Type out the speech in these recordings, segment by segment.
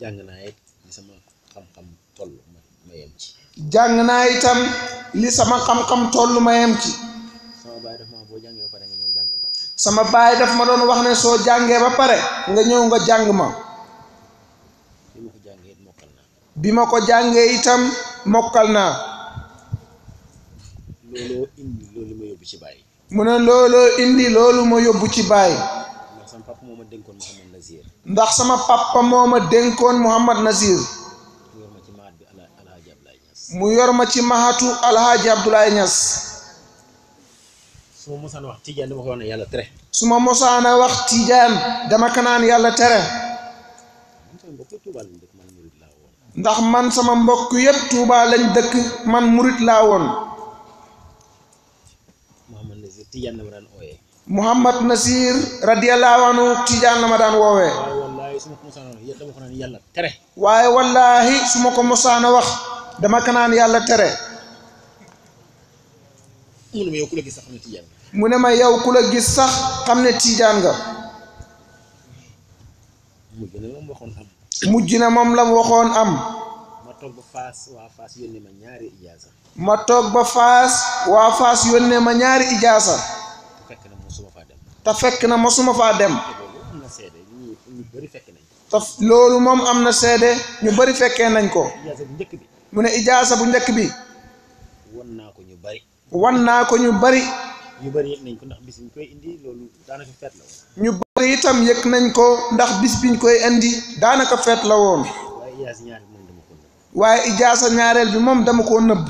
jàng naa it li sama xam-xam toll ma yem ci. naa itam li sama xam-xam toll ma yem ci. sama baay daf sama baay daf ma doon wax ne soo jàngee ba pare nga ñëw nga jàng ma. bi ma ko jàngee ma ko jàngee itam mokkal naa. looloo ma yóbbu ci baay. mu ne looloo indi yóbbu ci baay. ndax sama papa moo ma ndax sama papa moo ma dénkoon Mouhamad Nazir mu yor ma ci mahatu Alhaji Abdoulaye Niass. wax Tijaan dama ko yàlla tere. su ma mosaan wax Tijaan dama ko naan yàlla tere. ndax man sama mbokk yëpp Touba lañ dëkk man murit laa woon. Mouhamad Nazir Tijaan la ma daan ooyee. Mouhamad Nazir la ma daan woowee. dama ko naan yàlla tere. waaye wallaahi su ma ko mosaan a wax dama ko naan yàlla tere. mu ne ma yow ku la gis sax xam ne tiijaan nga. mu ne ma yow ku la gis sax xam ne tiijaan nga. mujj na moom waxoon mujj na moom la mu waxoon am. ma toog ba Faas waa Faas yónnee ma ñaari ma ba Faas waa ma ñaari ijaasa. te fekk na mosuma faa faa dem. taf loolu moom am na seede ñu bari fekkee nañ ko mu ne ijaasa bu njëkk bi wan naa ko ñu bari wan naa ko ñu bari ñu bari yëg nañ ko ndax bis biñ koy indi loolu daanaka feet ñu bari itam yëg nañ ko ndax bis biñ koy indi daanaka feet la woon waaye ijaasa ñaareel bi moom dama koo nëbb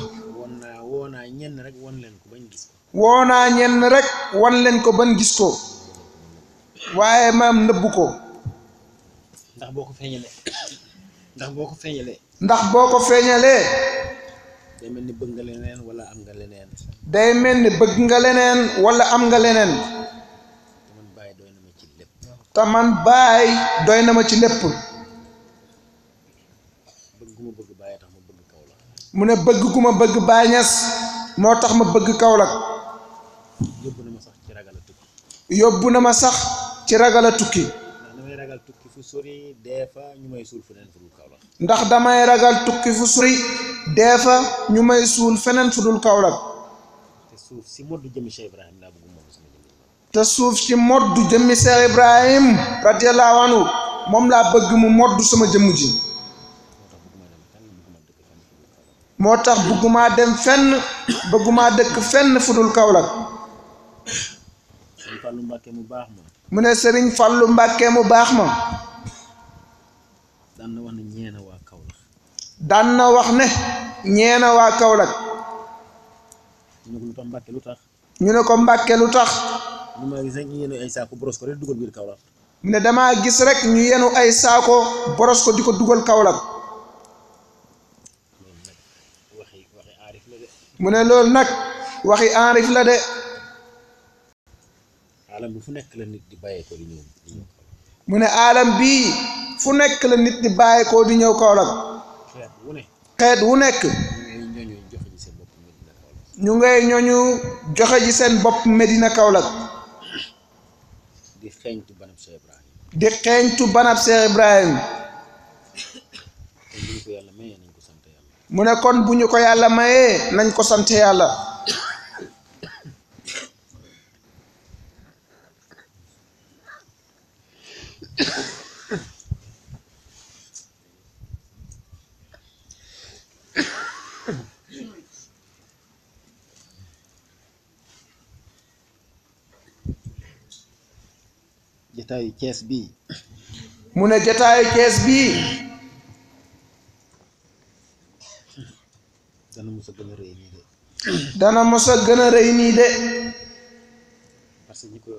woo naa ñenn rek wan leen ko bañ gis woo naa ñenn rek wan leen ko bañ gis ko waaye maam nëbb ko ndax boo ko feeñalee. ndax boo ko feeñalee. ndax boo ko feeñalee. day mel ni bëgg nga leneen wala am nga leneen. day mel ni bëgg nga leneen wala am nga leneen. te man baay doy na ma ci lépp. mu ne bëgg ku ma bëgg Baay Ñas moo tax ma bëgg Kaolack yóbbu na ma sax ci ragal a tukki yóbbu na ma sax ci ragal a tukki ndax damay ragal tukki fu sori dee fa ñu may suul ndax damay ragal tukki fu sori dee fa ñu may suul feneen fu dul te suuf si moddu jëmmi Cheikh Ibrahim laa bëgg moom suuf si moddu jëmmi Cheikh Ibrahim radiyallahu anhu laa bëgg mu moddu sama jëmm ji moo tax bëggumaa dem fenn bëggumaa dëkk fenn fu dul mu baax ma mu ne sëriñ Fallu Mbàkke mu baax ma daan na wax ne ñeena waa Kaolack daan na wax ne ñeena waa Kaolack ñu ne ko Mbàkke tax ñu ne ko Mbàkke lu tax mu ne damaa gis rek ñu yenu ay saako boros dugal biir Kaolack mu ne damaa gis rek ñu ay saako boros di ko dugal Kaolack mu ne loolu nag waxi enrif de alam bi fu nekk la nit di bàyyeekoo di ñëw mu ne alam bi fu nekk la nit di bàyyeekoo di ñëw Kaolack xeet wu nekk ñu ngay ñooñu joxe ji seen bopp Medina Kaolack di xeeñtu banab Cheikh Ibrahim di xeeñtu banab Cheikh Ibrahim mu ne kon bu ñu ko yàlla mayee nañ ko sant yàlla jataayu Cees bi mu ne jataayu Cees bi dana mos a gën a rëy nii de dana mos a gën a rëy nii de que ñi koy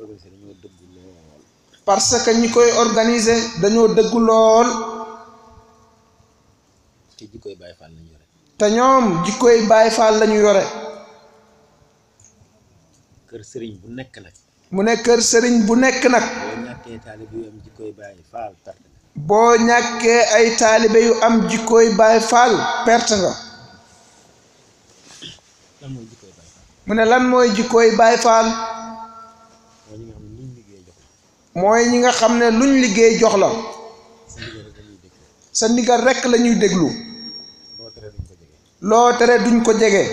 parce que ñi koy organiser dañoo dëggu lool te jikkoy Baay Faal lañu yore te ñoom jikkoy Baay Faal lañu yore kër sëriñ bu nekk nag mu ne kër sëriñ bu nekk nag boo ñàkkee ay taalibe yu am jikkoy Baay Faal perte nga mu ne lan mooy jikkoy Baay Faal mooy ñi nga xam ne luñ liggéey jox la sa ndigal rekk la ñuy déglu loo tere duñ ko jege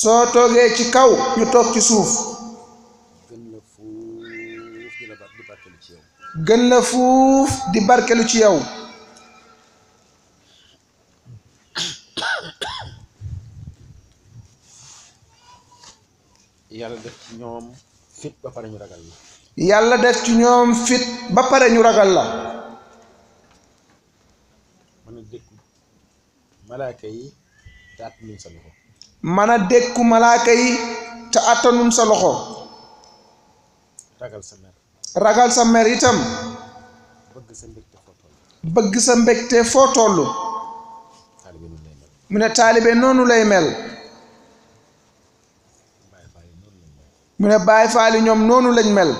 soo toogee ci kaw ñu toog ci suuf gën la fuuf di barkelu ci yow yàlla fit ba ñu ragal la. yàlla def ci ñoom fit ba pare ñu ragal la. mën a dékku malaaka yi te attanuñ sa loxo. ragal sa mer. ragal sa itam. bëgg sa mbégte foo toll. mu ne taalibe noonu lay mel. mu ne Baay Faal ñoom noonu lañ mel.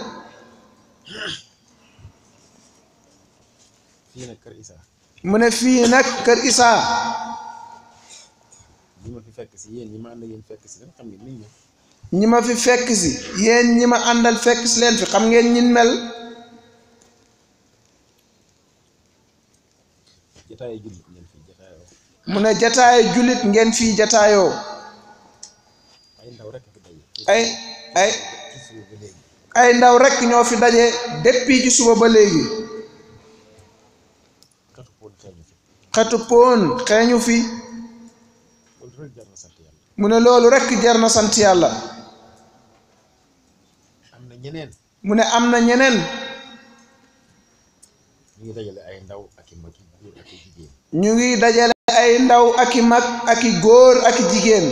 mu ne fii nag kër Isaa. ñi ma fi fekk si yéen ñi ma àndal fekk si leen xam ngeen ni ñi ma fi fekk si yéen ñi ma àndal fekk leen fi xam ngeen ñin mel. jataayu jullit ngeen mu ne jataayu jullit ngeen fii jataayoo. ay ndaw ay ay ay ndaw rekk ñoo fi daje depuis ci suba ba léegi xetu poon xeeñu fi mu ne loolu rekk jar na sant yàlla am na ñeneen mu ne am na ñeneen ñu ngi dajale ay ndaw ak i mag i ak i ñu ngi dajale ay ndaw ak i mag ak góor ak i jigéen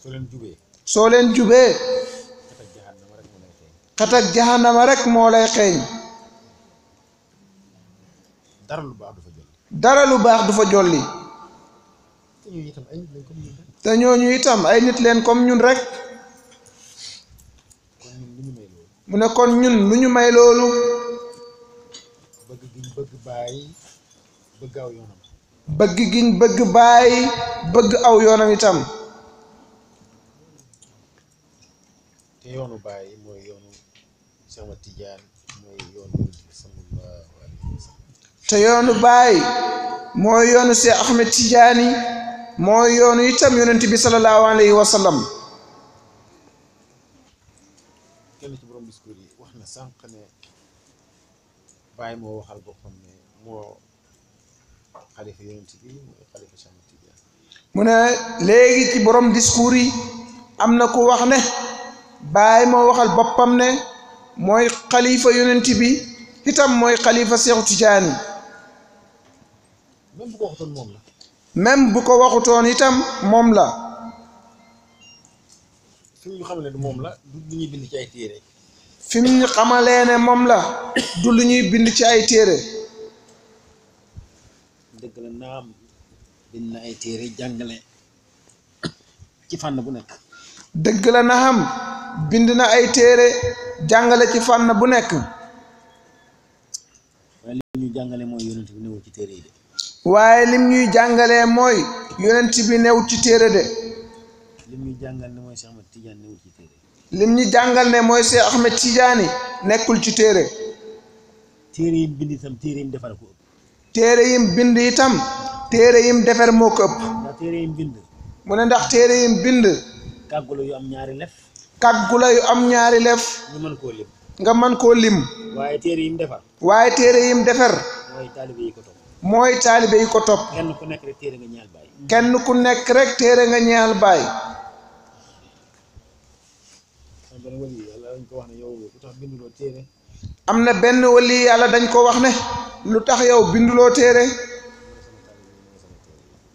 soo leen jubee soo leen jubee xetak jahannama rek moo lay xeeñ dara lu baax du fa jolli dara lu baax du fa jolli te ñooñu itam ay nit leen comme ñun rek mu ne kon ñun lu ñu may loolu bëgg giñ bëgg bàyyi bëgg aw yoonam itam yoonu bàyyi mooy yoonu sama mooy yoonu sallallahu alayhi wa sallam yoonu bàyyi mooy yoonu Seex Ahmed Tijaani mooy yoonu itam yonent bi sallallahu alayhi wa sallam kenn ci borom wax na sànq ne bàyyi moo waxal boppam ne moo mu ne léegi ci borom discours am na ku wax ne baay moo waxal boppam ne mooy xalifa yonent bi itam mooy xalifa Seexu Tijaani même bu ko waxutoon moom la même bu ko waxutoon itam moom la fi ñu xamalee ne moom la du lu ñuy bind ci ay téere fi ñu xamalee ne moom la du lu ñuy bind ci ay téere dëgg la naam ay téere jàngale ci fànn bu nekk dëgg la na bind na ay téere jàngale ci fànn bu nekk. waaye lim ñuy jàngale mooy yonent bi newul ci téere de. waaye lim ñuy jàngale mooy yonent bi newul ci téere de. lim ñuy jàngal ne mooy Cheikh Ahmed Tidiane newul ci lim ñu jàngal ne mooy Cheikh Ahmed Tidiane nekkul ci téere. téere yim bind itam téere yim defar ko ëpp. téere yim bind itam téere yim defar moo ko ëpp. ndax ndax téere yim bind. kàggula yu am ñaari lef kàggula yu am ñaari lef ñu koo lim nga mën koo lim waaye téere yim defar waaye téere yim defar mooy taalibe yi ko topp mooy taalibe yi ko topp kenn ku nekk rek téere nga ñaal baay kenn ku nekk rek téere nga ñaal baay am na benn wali yàlla dañ ko wax ne lu tax yow binduloo téere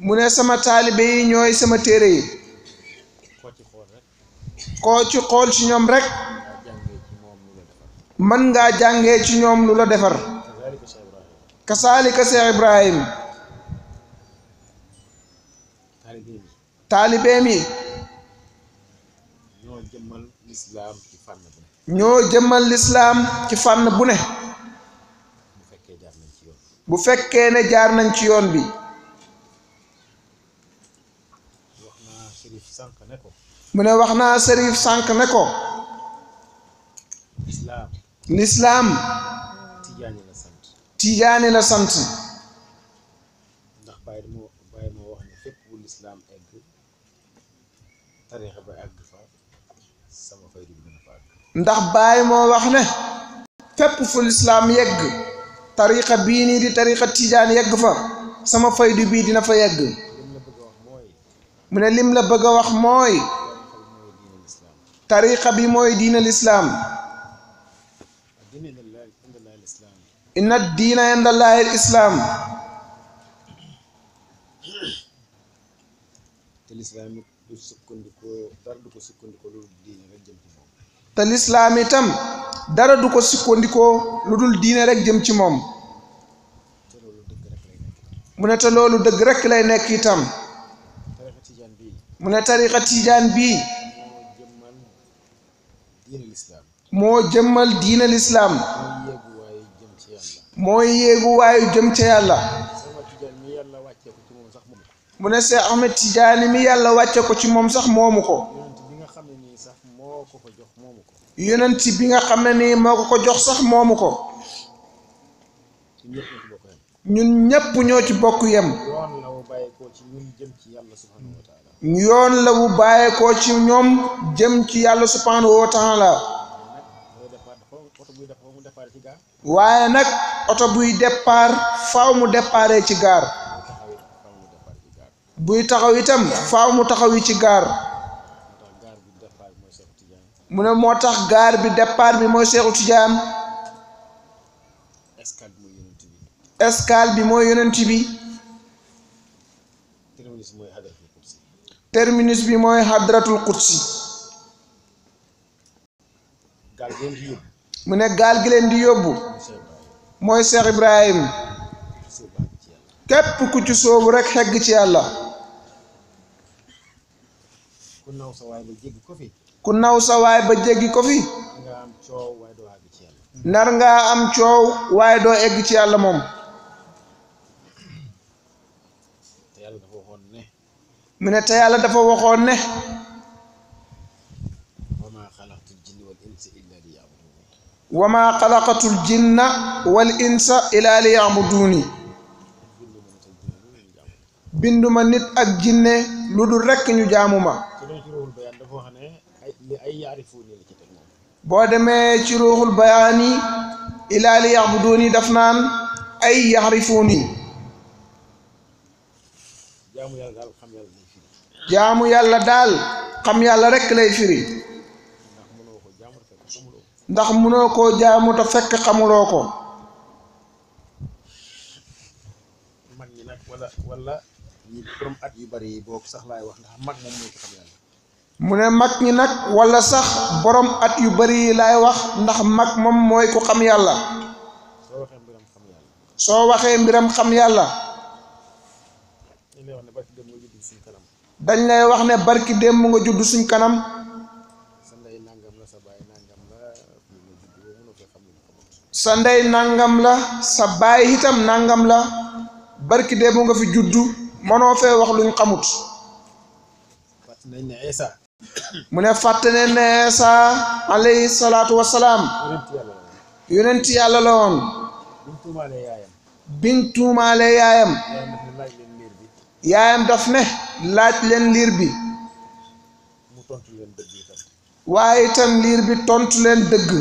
mu ne sama taalibe yi ñooy sama téere yi koo ci xool ci ñoom rek mën ngaa jànge ci ñoom lu la defar kasaalika Seex Ibrahim taalibeem yi ñoo jëmmal ñoo jëmmal lislaam ci fànn bu ne bu fekkee ne jaar nañ ci yoon bi mu ne wax naa sërif sànq ne ko lislaam tijaani la sant tijaani sant ndax bàyyi moo wax ne fépp bu lislaam egg ba àgg ndax bàyyi moo wax ne fépp fu lislaam yegg tarixa bii nii di tarixa tijaan yegg fa sama faydu bii dina fa yegg mu ne lim la bëgg a wax mooy tariqa bi mooy diina lislaam inna diina indallahi lislaam te lislaam dara du ko sukkandikoo lu diine rek jëm ci moom te itam dara du ko sukkandikoo lu dul diine rek jëm ci moom mu ne te loolu dëgg rekk lay nekk itam mu ne tariqa tijaan bii moo jëmmal diinal islaam mooy yéeguwaayu jëm ca yàlla mu ne Seex Ahmed Tijaani mi yàlla wàcce ko ci moom sax moomu ko yonent bi nga xam ne nii moo ko ko jox sax moomu ko ñun ñépp ñoo ci bokk yem. yoon la wu bàyyeekoo ci ñoom jëm ci yàlla subhaanahu wa taala waaye nag oto buy départ faaw mu départee ci gaar buy taxaw itam faaw mu taxawi ci gaar mu ne moo tax gaar bi départ bi mooy Seexu Tijaan escale bi mooy yonent bi terminus bi mooy hadratul qudsi mu ne gaal gi leen di yóbbu mooy Cheikh Ibrahim képp ku soobu rek xegg ci yàlla ku naw sa waay ba jéggi ko fi ku naw sa ba jéggi ko fi nar ngaa am coow waaye doo egg ci yàlla moom mu ne te yàlla dafa waxoon ne wa maa xalaqatul jinna wal insa ilaa li yaabuduuni binduma nit ak jinne lu dul rekk ñu jaamu ma boo demee ci ruuxul bayaan yi ilaa li daf naan ay yaxrifuuni jaamu jaamu yàlla daal xam yàlla rekk lay firi ndax mënoo ko jaamu fekk xamuloo ko mag ñi nag wala wala yu bari sax laay wax ndax mag moom mu ne mag ñi nag wala sax borom at yu bari yi laay wax ndax mag moom mooy ko xam yàlla soo waxee mbiram xam yàlla dañ lay wax ne barki démb nga judd suñ kanam sa ndey nàngam la sa baay itam nangam la barki mu nga fi juddu mënoo fee wax luñ xamut mu ne fàtte ne ne Isa alayhi salaatu wasalaam yonent yàlla la woon biñ tuumaale yaayam yaayam daf ne laaj leen liir bi mu tontu leen waaye itam liir bi tontu leen dëgg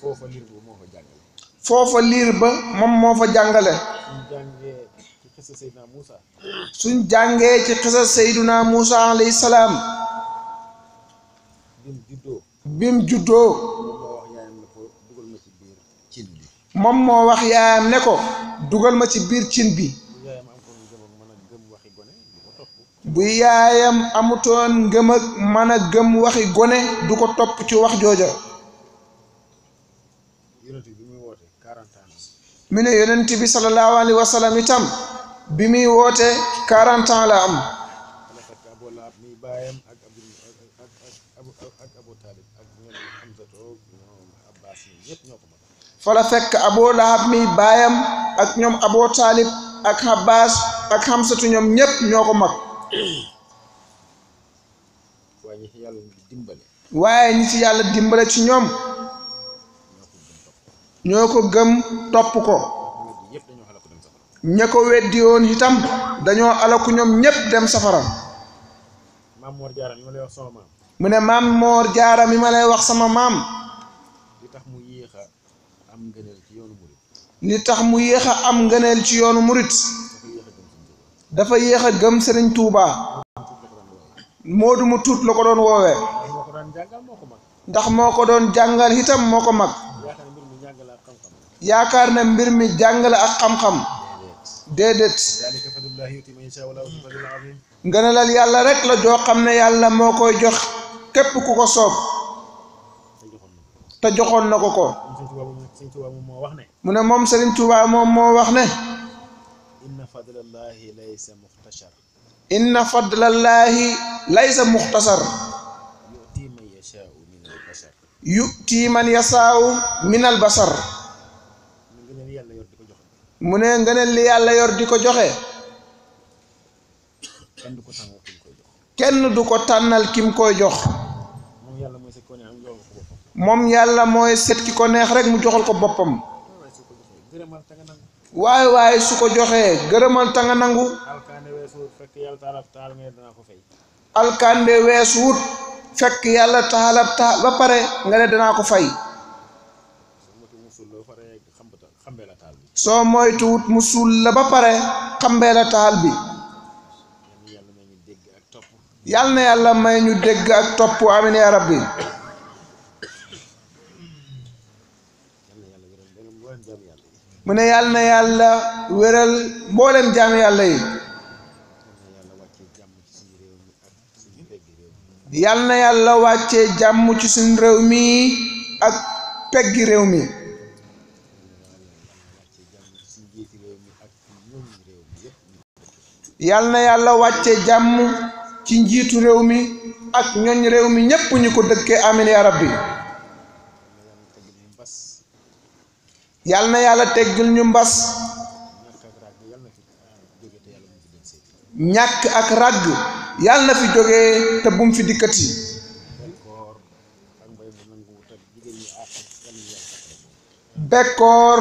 foofa liir ba liir ba moom moo fa jàngale suñ jàngee ci xisa Seydina Muusa alayhi salaam bim juddoo bim juddoo moom moo wax yaayam ne ko dugal ma ci biir cin bi bu yaayam amutoon ngëm ak mën a gëm waxi gone du ko topp ci wax jooja mu ne yonent bi sallallahu alayhi wa sallam itam bi muy woote quarante la am fala fekk aboo lahab mi baayam ak ñoom aboo taalib ak habbaas ak xamsatu ñoom ñépp ñoo ko mag waaye ñi ci yàlla dimbale. waaye ñi ci yàlla dimbale ci ñoom. ñoo ko gëm topp ko. ña ko weddi woon itam dañoo alaku ñoom ñépp dem safara maam Mor Jaara mu ne maam Mor Jaara mi ma lay wax sama maam. li tax mu yéex am ngëneel ci yoonu murit. ci yoonu murit. dafa yéex a gëm Serigne Touba du mu tuut la ko doon woowee ndax moo ko doon jàngal itam moo ko mag yaakaar na mbir mi jàngale ak xam-xam déedéet ngënalal yàlla rek la joo xam ne yàlla moo koy jox képp ku ko soob te joxoon na ko ko mu ne moom Serigne Touba moom moo wax ne laysa muxtasar inna fadlallahi laysa muxtasar yu'ti man yashaa'u min albasar yu'ti man yashaa'u min albasar mu ne ngëneel li yàlla yor di ko joxe kenn du ko tànnal kim koy jox moom yàlla mooy set ki ko neex rek mu joxal ko boppam waaye waaye su ko joxee gërëmal ta nga nangu alkande wees wut fekk yàlla taxalab tax ba pare nga ne danaa ko fay soo moytu mu suul la ba pare xambee la taal bi yàlla na yàlla may ñu dégg ak topp amin yaa rabbi mu ne yàlla na yàlla wéral mboolem jaam yàlla yi yàlla na yàlla wàccee jàmm ci suñ réew mi ak peggi réew mi yàlla na yàlla wàccee jàmm ci njiitu réew mi ak ñooñ réew mi ñépp ñu ko dëkkee amin ya rabbi yàlla na yàlla teggil ñu mbas ñàkk ak ràgg yàlla na fi jóge te bum fi dikkati bekkoor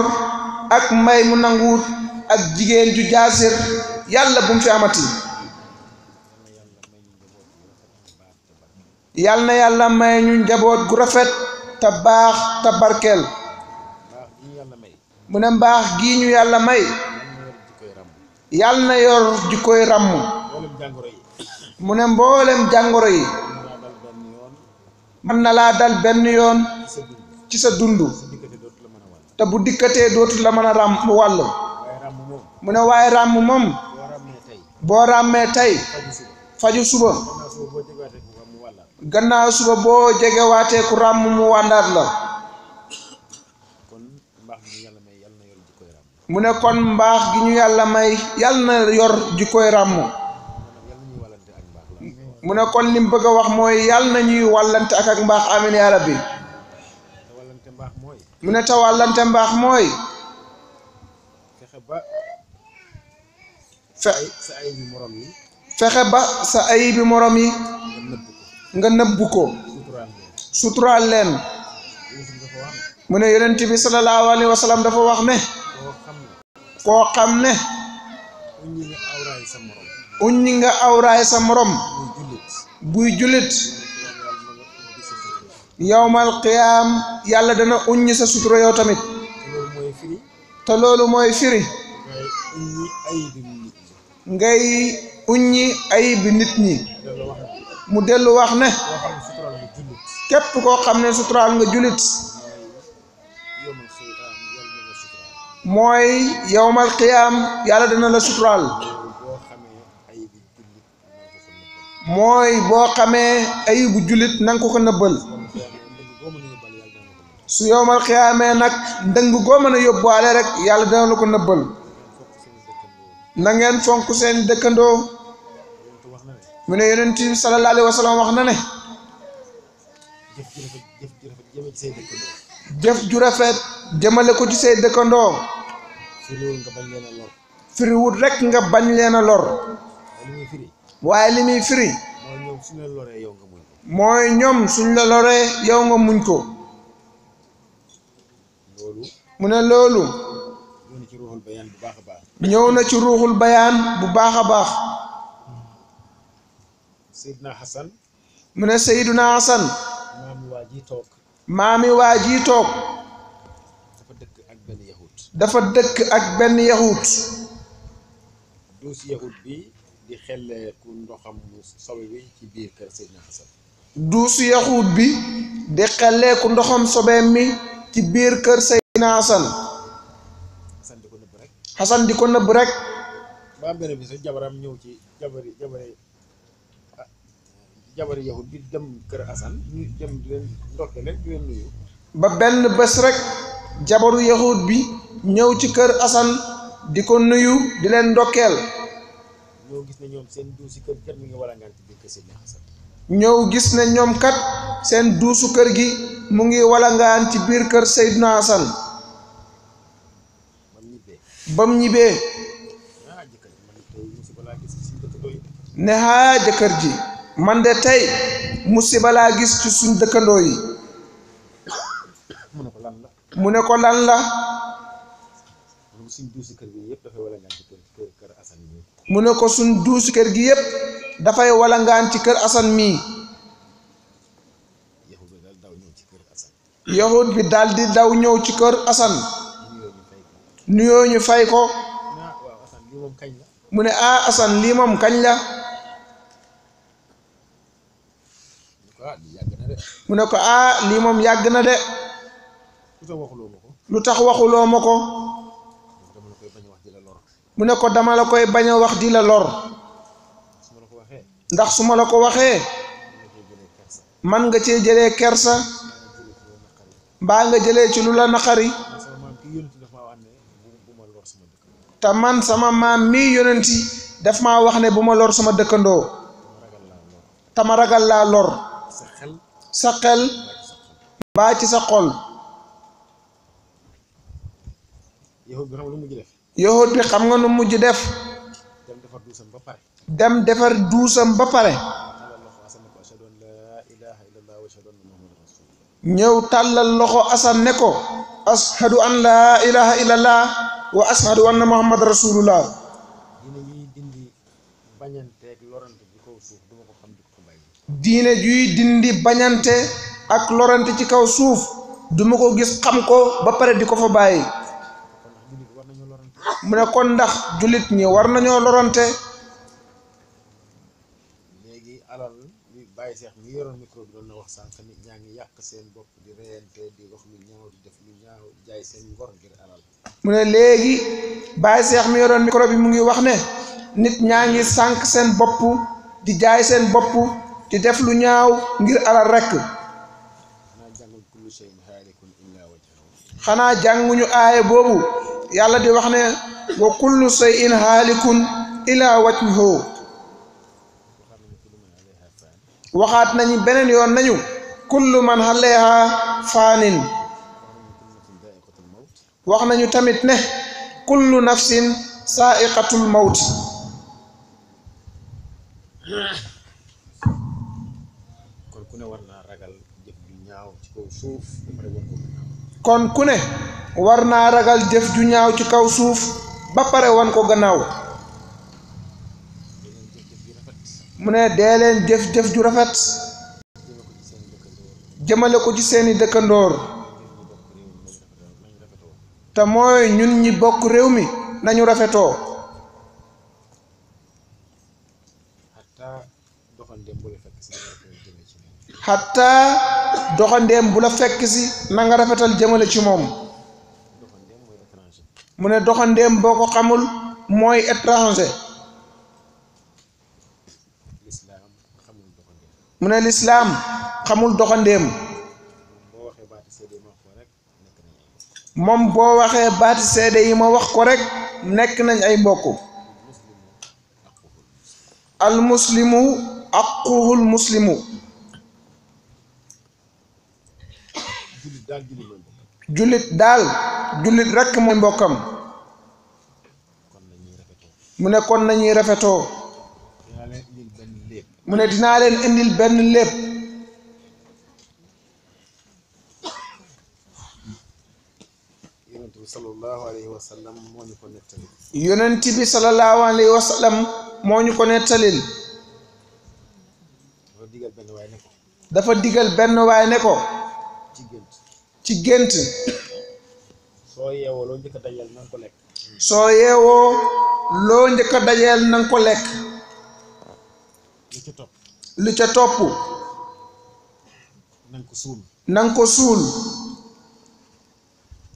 ak mbay mu nanguwut ak jigéen ju jaasir yàlla bum fi amati yàlla na yàlla may ñu njaboot gu rafet te baax te barkeel mu ne mbaax giiñu yàlla may yàlla na yor jikkoy ràmm mu ne mboolem jàngoro yi mën na laa dal benn yoon ci sa dund te bu dikkatee dootu la mën a ràmm wàll mu ne waaye ràmm moom boo ràmmee tey faju suba gannaaw suba boo jegewaatee ku ràmm mu wàndaat la mu ne kon mbaax gi ñu yàlla may yàlla na yor jikkoy ràmm mu ne kon lim bëgg a wax mooy yàlla na ñuy wàllante ak ak mbaax amin yaa rabbi mu ne te wàllante mbaax mooy fexe ba sa ayibi morom yi nga nëbbu ko suturaal leen mu ne yonent bi sallallahu alayhi dafa wax ne koo xam ne uññi nga awraay sa moroom buy jullit yowmal yàlla dana uññi sa sutura yow tamit te loolu mooy firi ngay uññi ayibi nit ñi mu dellu wax ne képp koo xam ne suturaal nga jullit mooy yowmal qiyaam yàlla dana la suturaal mooy boo xamee ayibu jullit nanga ko ko nëbbal su yowmal qiyaamee nag ndëng goo mën a yóbbuwaale rek yàlla dana la ko nëbbal na ngeen fonk seen dëkkandoo mu ne yonent bi sallallahu alayhi wax na ne jëf ji rafet jëf ji rafet jëme ci say dëkkandoo jëf ju rafet jëmale ko ci say dëkkandoo. firiwul nga bañ leen a nga bañ leen a lor. waaye li muy firi. mooy ñoom suñ la loree yow nga muñ ko. mooy loolu. mu ne loolu. ñëw na ci ruuxul bayaan bu baax a baax. ñëw na ci ruuxul bayaan bu baax a baax. Seydina Hassan. mu ne Seydina Hassan. maam maami waa jii toog dafa dëkk ak benn yahut dafa dëkk ak benn yahut bi di xelleeku ndoxam sobe bi ci biir bi di ndoxam sobeem mi ci biir kër Seydina Hasan Hasan di ko nëbb rek bi sa ñëw ci jabar yahut bi dem kër Assane ñu dem di leen ndokke ba benn bés rek jabaru yahut bi ñëw ci kër Assane di ko nuyu di leen ndokkeel ñëw gis ne ñoom seen duusi kër kër mi ngi walangaan ci gis ne ñoom kat seen duusu kër gi mu ngi walangaan ci biir kër Seydina Assane ba mu ñibbee ne haa jëkkër ji man de tey musiba balaa gis ci suñ dëkkandoo yi mu ne ko lan la mu ne ko suñ duusi kër gi yëpp dafay wallangaan ci kër Asan mii yahud bi daal di daw ñëw ci kër Asan nuyoo ñu fay ko mu ne ah Asan lii moom kañ la ah, mu ne ko ah lii moom yàgg na de lu tax waxuloo ma ko mu ne ko dama la koy bañ a wax di la lor ndax su ma la ko waxee man nga cee jëlee kersa mbaa nga jëlee ci lu la naqari te man sama maam mii yonenti daf ma wax ne bu ma lor sama dëkkandoo te ma ragal laa lor sa xel ci sa xol yahut bi xam nga nu mujj def dem defar duusam ba pare ñëw tàllal loxo asan ne ko ashadu an laa ilaha illallah wa ashadu anna muhammad rasulullah diine juy dindi bañante ak lorante ci kaw suuf duma ko gis xam ko ba pare di ko fa bàyyi mu ne kon ndax jullit ñi war nañoo lorante léegi alal li bàyyi seex mi yoroon micro bi doon wax sànq nit ñaa ngi yàq seen bopp di reyante di wax di def lu ñaaw jaay seen ngor ngir alal mu ne léegi bàyyi seex mi yoroon micro bi mu ngi wax ne nit ñaa ngi sànq seen bopp di jaay seen bopp di def lu ñaaw ngir alal rekk xanaa jànguñu aaye boobu yàlla di wax ne wa kullu shay'in haalikun ilaa wajhihi waxaat nañu beneen yoon nañu kullu man alayha faanin wax nañu tamit ne kullu nafsin saa'iqatul mawt suuf kon ku ne war naa ragal jëf ju ñaaw ci kaw suuf ba pare wan ko gannaaw mu ne dee leen jëf jëf ju rafet jëmale ko ci seeni dëkkandoor te mooy ñun ñi bokk réew mi nañu rafetoo xataa doxandeem bu la fekk si na nga rafetal jëmale ci moom mu ne doxandeem boo ko xamul mooy étranger mu ne lislaam xamul doxandeem moom boo waxee baati seede yi ma wax ko rek nekk nañ ay mbokk al muslimu aquhul muslimu jullit daal jullit rekk mooy mbokkam mu ne kon nañuy rafetoo mu ne dinaa leen indil benn lépp yonent ko nettalil benn waay ne ko dafa digal benn waay ne ko ci gént. soo yeewoo loo njëkk dajeel na ko lekk. soo yeewoo loo njëkk a dajeel ko lekk. lu ca topp. lu ca topp. na ko suul. ko suul.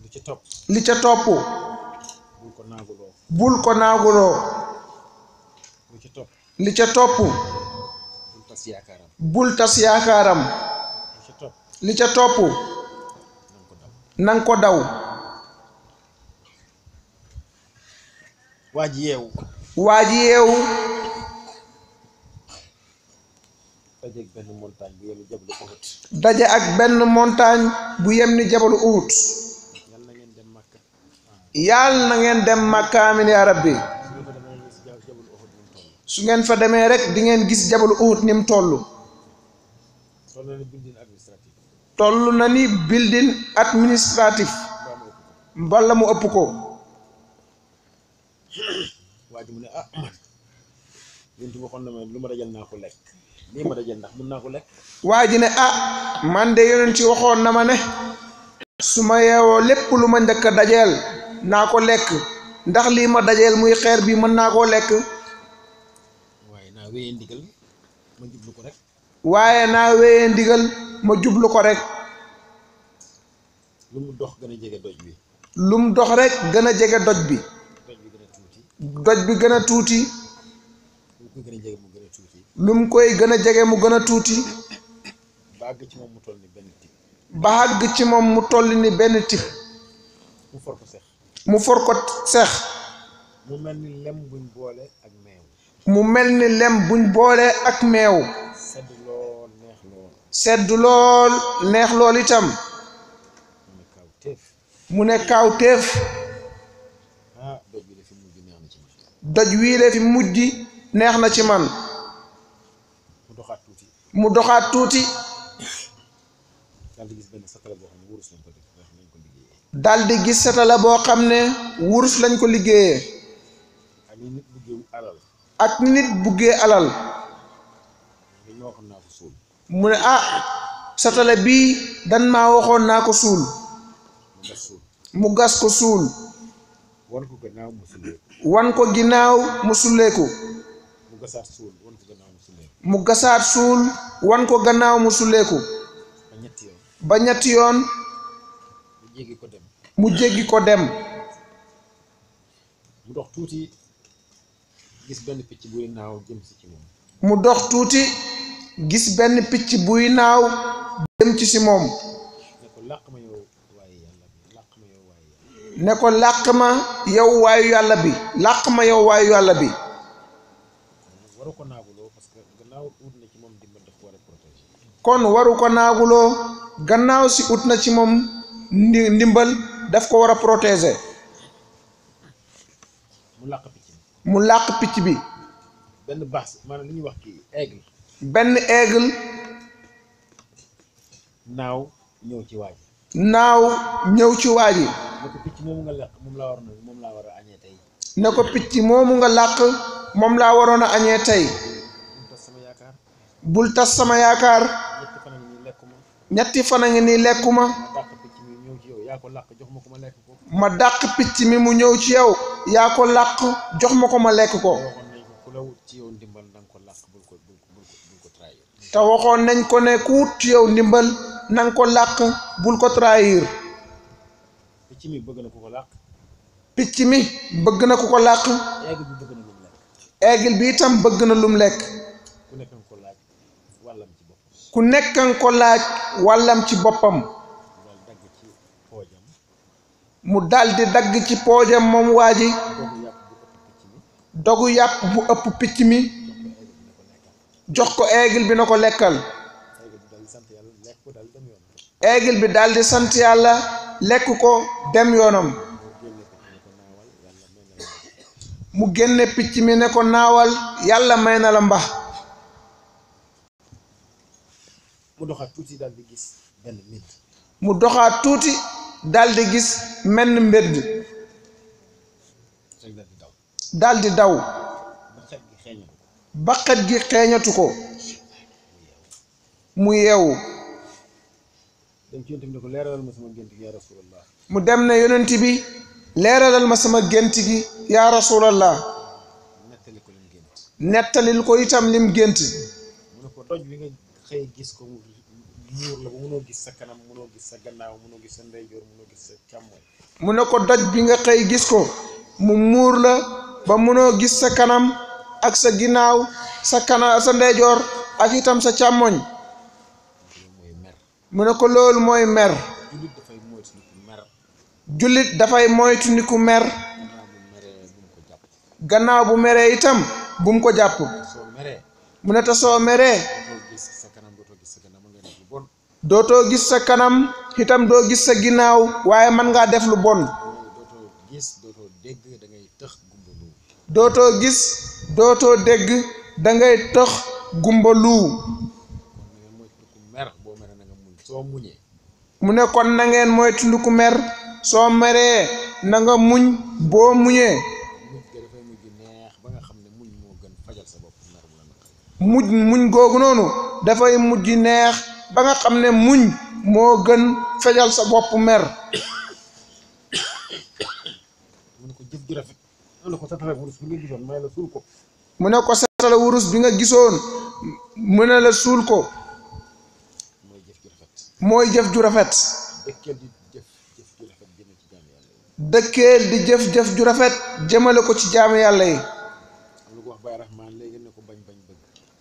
lu ca topp. li ca topp. bul ko naaguloo. ko naaguloo. lu ca topp. li ca topp. bul tas bul tas yaakaaram. li ca topp. ca topp. nanga ko daw waa ji yeewu daje ak benn montagne bu yem ni jabalu uhud daje ak benn montagne bu yem ni jabalu uhud yal na ngeen dem màkka amin yaa rabbi su ngeen fa demee rek di ngeen gis jabalu uhud ni mu toll toll na ni building administratif mbala mu ëpp ko waa ji mu ne ah man tu waxoon na ma lu ma dajal naa lekk lii ma dajal mun naa ko lekk waa ji ne ah man de yonent ci waxoon na ma ne su ma yeewoo lépp lu ma njëkk a dajeel naa ko lekk ndax lii ma dajeel muy xeer bi mën naa koo lekk waaye naa wéyee ndigal ko rek waaye naa wéyee ndigal ma jublu ko rek lu mu dox gën jege doj bi lu dox rek gën a jege doj bi doj bi gën a tuuti lu mu koy gën a jege mu gën a tuuti bàgg ci moom mu toll ni benn tip ba ci moom mu toll ni benn tip mu ko seex mu for ko mu mel ni lem buñ boole ak meew mu mel ni lem buñ boole ak meew sedd lool neex lool itam mu ne kawteef doj wii de fi mujj neex na ci man mu doxaat tuuti daldi gis satala boo xam ne wurus lañ ko liggéeyee ak nit buggee alal mu ne ah satala bii dan maa waxoon naa ko suul mu gas ko suul wan ko ginnaaw mu sulleeku mu gasaat suul wan ko gannaaw mu sulleeku ba ñetti yoon mu jéggi ko dem mu dox tuuti gis benn picc buy mu dox tuuti gis benn picc buy naaw dem ci si moom ne ko làq ma yow waayu yàlla bi làq ma yow waayu yàlla bi kon waru ko naaguloo gannaaw si ut na ci moom ndimbal daf ko war a protéger mu làq picc bi benn baax maanaam li ñuy wax ci benn aigle naaw ñëw ci waaji naaw ñëw ci waaji ne ko picc moomu nga làq moom laa waroon war a añee tey ne ko picc moomu nga làq moom laa waroon a añee tey bul tas sama yaakaar ñetti fan a ngi nii lekkuma ma dàq picc mi mu ñëw ci yow yaa ko làq jox ma ko ma lekk ko te waxoon nañ ko ne ku wut ci yow ndimbal nanga ko làq bul ko trahir picc mi bëgg na ku ko làq picc mi bëgg na ku ko làq aigle bi itam bëgg na lum lekk ku nekkan ko laaj wàllam ci boppam mu daldi dagg ci poojam moom waa ji dogu yàpp bu ëpp picc mi jox ko aigle bi na ko lekkal aigle bi daal sant yàlla lekk ko dem yoonam mu génne picc mi ne ko naawal yàlla may na la mbax mu doxaat tuuti daal gis mu doxaat tuuti daal gis menn mbedd daal daw baqet gi xeeñatu ko mu yeewu mu dem na yonent bi leeralal ma sama gént gi yaa rasulallah nettalil ko itam lim gént xëy gis ko mu muur la ba gis sa kanam mënoo gis sa gannaaw mënoo gis sa ndeyjoor mënoo gis sa càmmoñ mu ne ko doj bi nga xëy gis ko mu muur la ba mënoo gis sa kanam ak sa ginnaaw sa kana sa ndeyjoor ak itam sa càmmoñ mu ne ko loolu mooy mer jullit dafay moytu ni ku mer gannaaw bu meree itam bum ko jàpp mu ne te soo meree dootoo gis sa kanam itam doo gis sa ginnaaw waaye mën ngaa def lu bon dootoo gis dootoo dégg da ngay tëx gumbalu mu ne kon na ngeen moytandiku mer soo meree na nga muñ boo muñee mujj muñ googu noonu dafay mujj neex ba nga xam ne muñ moo gën fejal sa bopp mer mu ne ko jëf ju mu ne ko setal wurus bi nga gisoon mu ne la suul ko mooy jëf ju rafet dëkkeel di jëf-jëf ju rafet jëmale ko ci jaam yàlla yi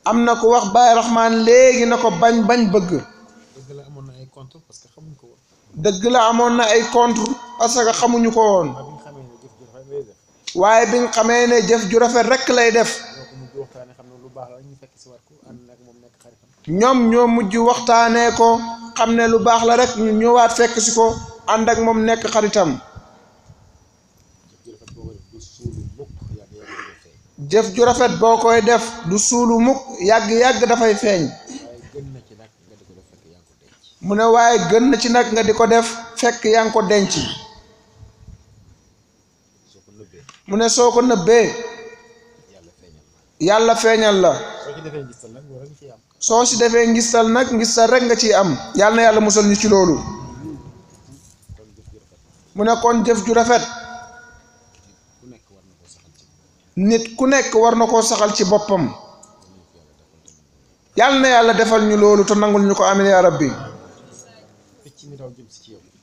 am na ko wax Baay Raxmaan léegi na ko bañ bañ bëgg la amoon na contre parce que xamuñu ko woon dëgg la amoon na ay contre parce que xamuñu ko woon waaye bi nga xamee ne jëf ju rafet rekk lay def ñoom ñoo mujj waxtaanee ko xam ne lu baax la rek ñu ñëwaat fekk si ko ànd ak moom nekk xaritam jëf ju rafet boo koy def du suulu mukk yàgg-yàgg dafay feeñ mu ne waaye gën na ci nag nga di ko def fekk yaa ngi ko denc mu ne soo ko nëbbee yàlla feeñal la soo si defee ngistal nag ngistal rek nga ciy am yàlla na yàlla musal ñu ci loolu mu ne kon jëf ju rafet nit ku nekk war na koo saxal ci boppam yàlla na yàlla defal ñu loolu te nangul ñu ko amin yaa rabbi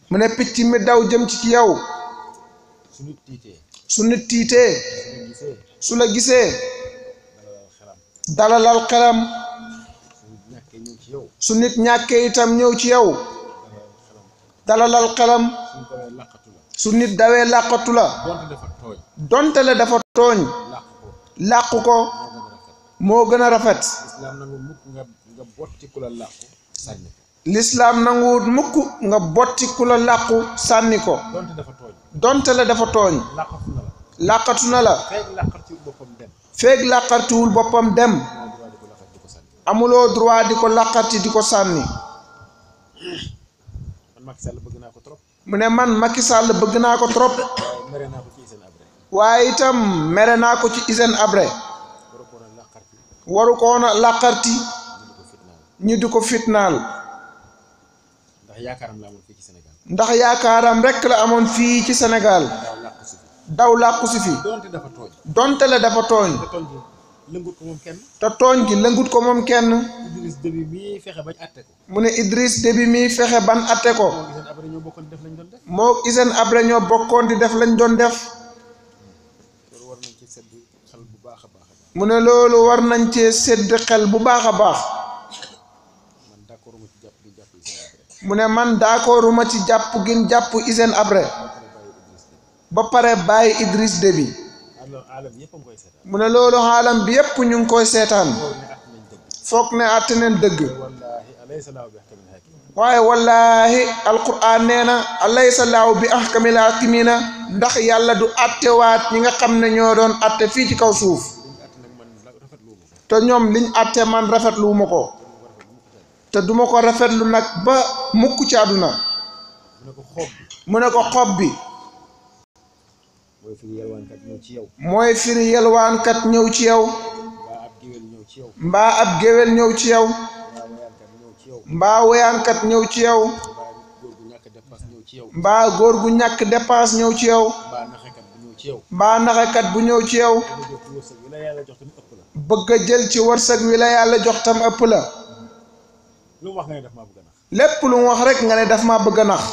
mu ne picc mi daw jëm ci ci yow su nit tiitee su la gisee dalalal xelam su nit ñàkkee itam ñëw ci yow dalalal xelam su nit dawee làqatu la donte la dafa tooñ làqu ko moo gën a rafet lislaam nanguwut mukk nga bottiku la làqu sànni ko donte la dafa tooñ làqatu na la feeg làqartiwul boppam dem amuloo droit di ko laqati di ko sànni. man Macky bëgg naa ko trop. mu ne man Macky sàll bëgg naa ko trop. mere naa ko ci Hissène waaye itam mere naa ko ci Hissène Habré. waru koon a laqarti. ñu di ko fitnaal. ndax yaakaaram la fii ci Sénégal. ndax yaakaaram rek la amoon fii ci senegal daw làqu si fi. donte dafa tooñ. donte la dafa tooñ. lëngut ko moom te tooñ gi lëngut ko moom kenn. Idriss Déby fexe bañ atte mu ne Idriss bi mii fexe ban atte ko. moo Hissène Habré ñoo bokkoon di def lañ doon def. mu ne loolu war nañ cee sedd xel bu baax a baax. mu ne man d'accorduma ci jàpp gin jàpp Hissène Habré. ba pare bàyyi de bi mu ne loolu xaalam bi yëpp ñu ngi koy seetaan foog ne àtte neen dëgg waaye wallaahi alquraan nee na alaysa laahu bi ahkamil haakimiina ndax yàlla du attewaat ñi nga xam ne ñoo doon atte fii ci kaw suuf te ñoom liñ atte man rafetluwuma ko te duma ko rafet lu nag ba mukk ci àdduna mu ko xob bi mooy firi yelwaankat ñëw ci yaw mooy firi yelwaankat ñëw ci yow. mbaa ab géwél ñëw ci yow. mbaa ab géwél ñëw ci yow. mbaa woyaankat ñëw ci yow. mbaa góor gu ñàkk dépense ñëw ci yow. mbaa naxekat bu ñëw ci yow. bëgg a jël ci wërsëg wi la yàlla jox tam ëpp la. lépp lu mu wax rek nga ne daf ma bëgg a nax.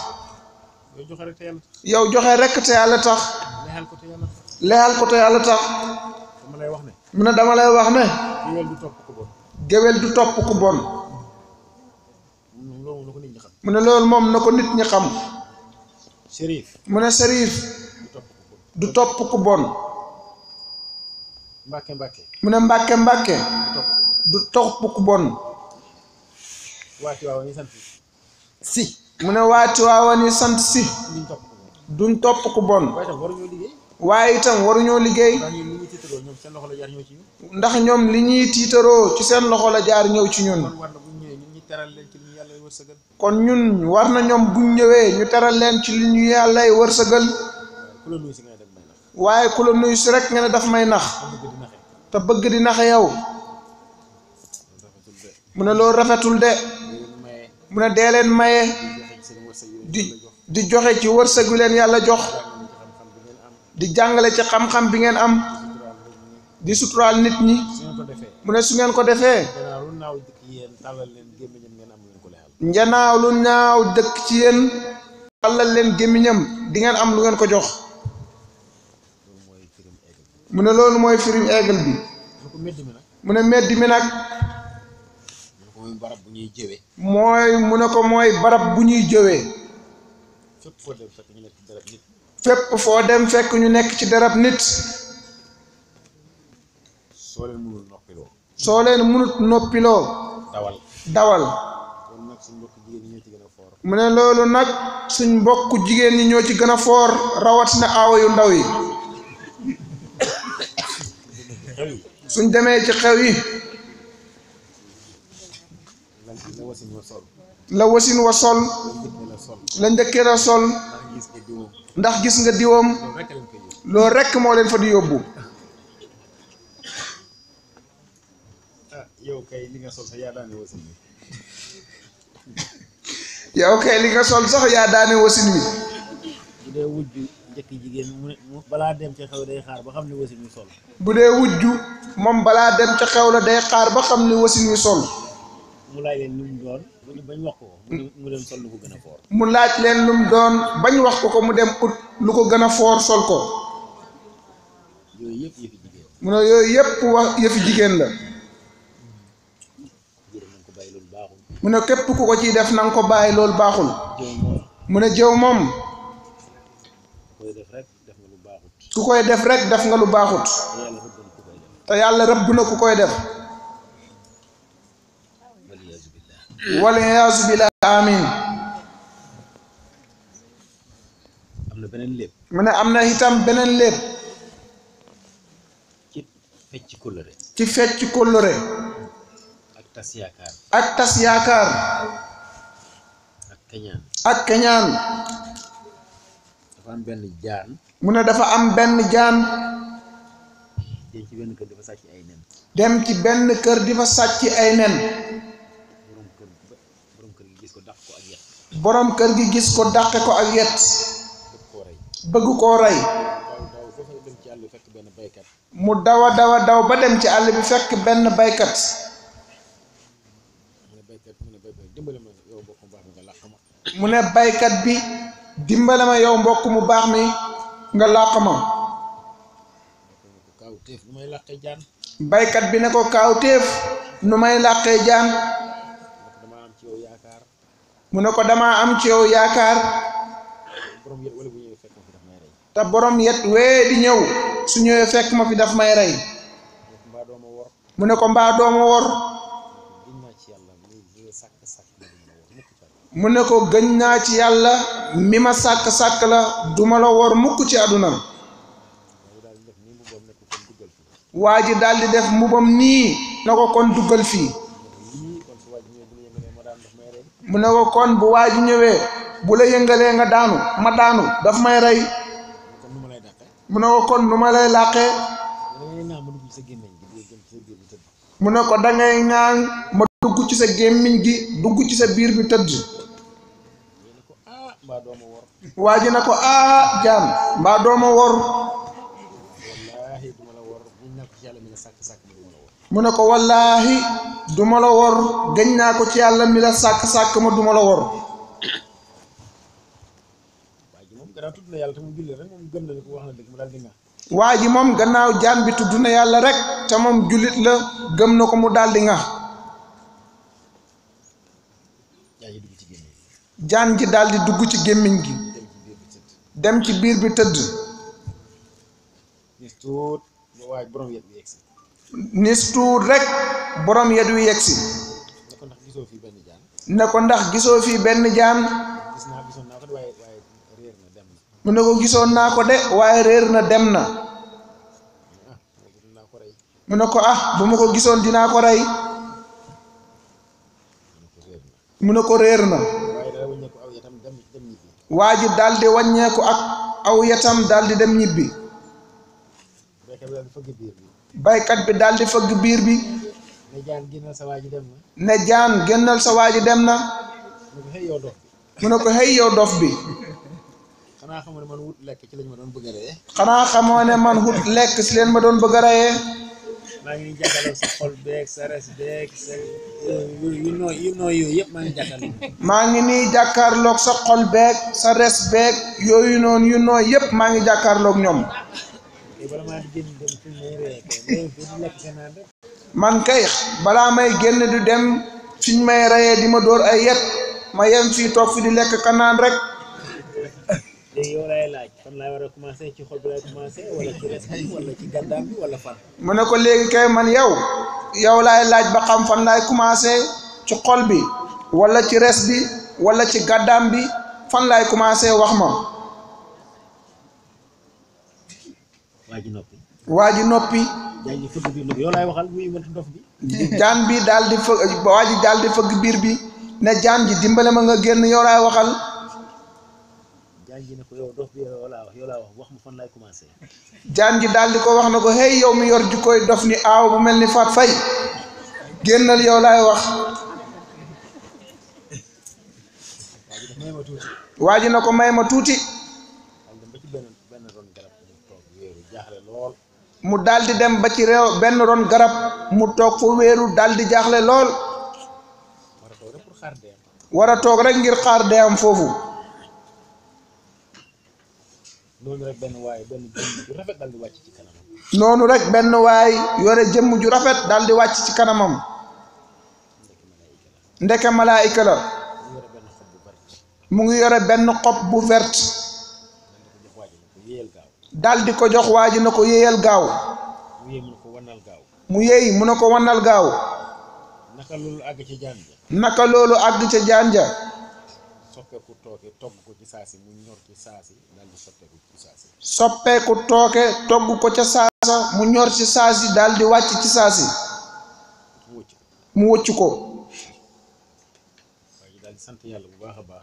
yow joxe rek te yàlla tax. lexal ko te yàlla tax. wax ne. mu ne dama lay wax ne. géwél du topp ku bon. du topp ku bon. loolu na mu ne loolu moom na ko nit ñi xam. Serif. mu ne Serif. du topp ku bon. mu ne mbàkke mbàkke. du topp ku bon. waati waawa ni sant si. si mu ne waati waawa ni sant si. duñ topp ku bon waaye itam waruñoo liggéey ndax ñoom li ñuy tiitaroo ci seen loxo la jaar ñëw ci ñun kon ñun war na ñoom buñ ñëwee ñu teral leen ci li ñu yàllay wërsëgal waaye ku la nuyu si rek nga ne daf may nax te bëgg di nax yow mu ne loolu rafetul de mu ne dee leen maye di di joxe ci wërsëgu leen yàlla jox di jàngale ci xam-xam bi ngeen am di suturaal nit ñi mu ne su ngeen ko defee njanaaw lu ñaaw dëkk ci yenn tàllal leen gémmiñam di ngeen am lu ngeen ko jox mu ne loolu mooy firim eegal bi mu ne medd mi nag mooy mu ne ko mooy barab bu ñuy jëwee fépp foo dem fekk ñu nekk ci darab nit. fépp foo dem fekk ñu nekk ci darab nit. soo leen mënul noppiloo. soo leen mënut noppiloo. dawal dawal. mu ne loolu nag suñ mbokku jigéen ñi ñoo ci gën a foor rawatina aawa yu ndaw yi. suñ demee ci xew yi. la wasin wa sol la njëkkee la sol ndax gis nga diwoom loolu rekk moo leen fa di yóbbu ah, yow kay li nga sol sax yaa daane wasin wi yow kay li nga sol sax yaa daane wasin wi bu dee wujju njëkk jigéen balaa dem ca day xaar ba xam ne wasin wi sol bu dee wujju moom balaa dem ca xew la day xaar ba xam ne wasin wi sol mu bañ wax ko mu dem sol lu ko gën a mu laaj leen lum doon bañ wax ko ko mu dem ut lu ko gën a foor sol ko yooyu yëpp yëfi jigéen mu ne yooyu yëpp wax yëfi jigéen la mu ne képp ku ko ci def na ko bàyyi loolu baaxul mu ne jëw moom ku koy def rek def nga lu baaxut te yàlla rëbb na ku koy def waliyasu billah amin am na beneen lépp mu ne am na itam beneen lépp ci fecc kóllëre ci fecc kóllëre ak tas yaakaar ak tas ak kañaan ak benn jaan mu ne dafa am benn jaan dem ci benn kër di fa sàcc ay nen dem ci benn kër di fa sàcc ay nen borom kër gi gis ko dàqe ko ak yet bëgg koo rey mu dawa dawa daw ba dem ci àll bi fekk benn baykat mu ne baykat bi dimbale ma yow mbokk mu baax mi nga làq ma baykat bi ne ko kaawteef nu may làqee jaan mu ne ko damaa am ci yow yaakaar te boroom yet wee di ñëw su ñëwee fekk ma fi daf may rey mu ne ko mbaa dooma wor mu ne ko gëñ naa ci yàlla mi ma sàkk-sàkk la duma la wor mukk ci àdduna waa ji daal di def mbubam nii na ko kon duggal fii mu ne ko kon bu waa ji ñëwee bu la yëngalee nga daanu ma daanu daf may rey mu ne ko kon nu ma lay làqee mu ne ko dangay ŋaan ma dugg ci sa gémmiñ gi dugg ci sa biir bi tëdd waa ji na ko aa jaam mbaa dooma wor mu ne ko wallaahi duma la wor gëñ naa ko ci yàlla mi la sàkk sàkk ma duma la wor waa ji moom gannaaw jaam bi tudd na yàlla rek te moom jullit la gëm na ko mu daldi nga jaan ji daldi dugg ci gémmiñ gi dem ci biir bi tëdd nis tuut rek borom yet wi yegsi ne ko ndax gisoo fii benn jaan mu ne ko gisoon naa ko de waaye réer na dem na mu ne ko ah bu ma ko gisoon dinaa ko rey mu ne ko réer na waa ji daal di wàññeeku ak aw yatam daal di dem ñibbi baykat bi daal di fëgg biir bi ne jaan génnal sa waa dem na ne jaan génnal sa waa ji na mu ne ko xëy yow dof bi mu ne ko xëy yow dof bi xanaa xamoo ne man wut lekk ci lañ ma doon xanaa xamoo ne man wut lekk si leen ma doon bëgg a reyee maa ngi jàkkaarloo sa xol beeg sa res maa ngi jàkkaarloo maa ngi nii jàkkaarloog sa xol sa res yooyu noonu yu nooy yëpp maa ngi jàkkaarloog ñoom man kay balaa may génn di dem fiñ may rayee di ma door ay yet ma yem fii toog fi di lekk kanaan rek. léegi laaj fan laay war commencé ci xol bi laay wala ci wala ci gàddaam ne ko léegi kay man yow yow laay laaj ba xam fan laay commencé ci xol bi wala ci res bi wala ci gàddaam bi fan laay commencé wax ma. waa ji noppi. waa ji noppi. jaan bi fëgg biir bi yow laay waxal muy mënti bi. jaan bi daal di fëgg waa ji daal fëgg biir bi ne jaan ji dimbale ma nga génn yow laay waxal. jaan ji ne ko wax yow fan laay commencé. jaan ji daal di ko wax na ko hey yow mi yor jukkooy dof ni aaw bu mel ni Faat Fay génnal yow laay wax. waa ji na ko may ma tuuti. mu daldi dem ba ci réew benn ron garab mu toog fu wéeru daldi jaaxle lool war a toog rek ngir xaar am foofu noonu rek benn waay benn jëmm wàcc ci kanamam noonu rek benn waay yore jëmm ju rafet daldi wàcc ci kanamam ndeke malaayika la mu ngi yore benn xob bu verte daal di ko jox waa ji ne ko yéeyal gaaw mu yéey mu ne ko wanal gaaw naka loolu àgg ca jaan naka loolu àgg ca jaan ja soppeeku tooke togg ko mu ñor saasi daal di soppeeku ci saasi ko ca saasa mu ñor ci saasi daal di wàcc ci saasi mu wëcc ko waa ji daal di bu baax a baax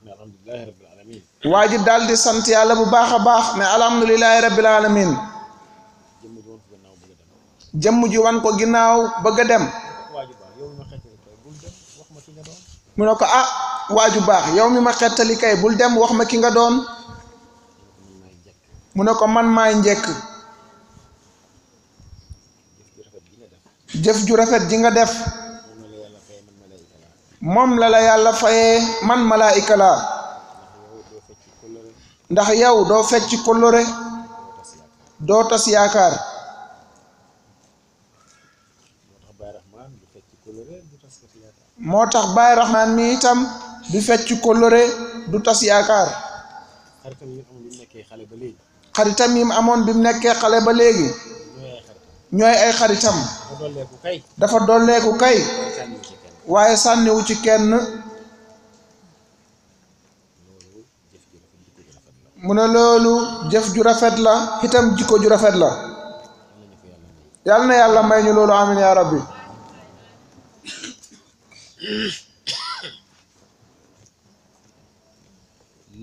waa ji daal di sant yàlla bu baax a baax mais alhamdulilahi rabbil alamin jëm ji wan ko ginnaaw bëgg a dem mu ne ko ah waaju baax yow mi ma xettali kay bul dem wax ma ki nga doon mu ne ko man maay njëkk jëf ju rafet ji nga def moom la la yàlla fayee man malaayika laa ndax yow doo fecc kóllëre doo tas yaakaar moo tax baay raxmaan mi itam du fecc kóllëre du tas yaakaar xaritam yi mu amoon bi mu nekkee xale ba léegi ñooy ay xaritam dafa dolleeku kay waaye sànniwu ci kenn mu ne loolu jëf ju rafet la itam jikko ju rafet la yàlla na yàlla may ñu loolu amin yaa rabbi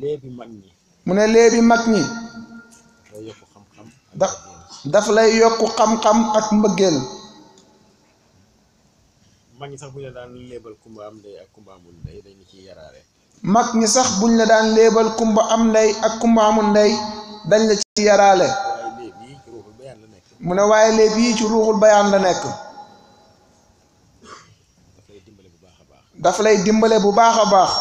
léebi mag ñi mu ne léebi mag ñi da daf lay yokku xam-xam ak mbëggeel mag ñi sax bu ñu daan léebal kumba am ndey ak mag ñi sax buñ la daan léebal kumba am ndey ak kumba amul ndey dañ la ci yaraale mu ne waaye léeb yii ci ruuxul bayaan la nekk dafa lay dimbale bu baax a baax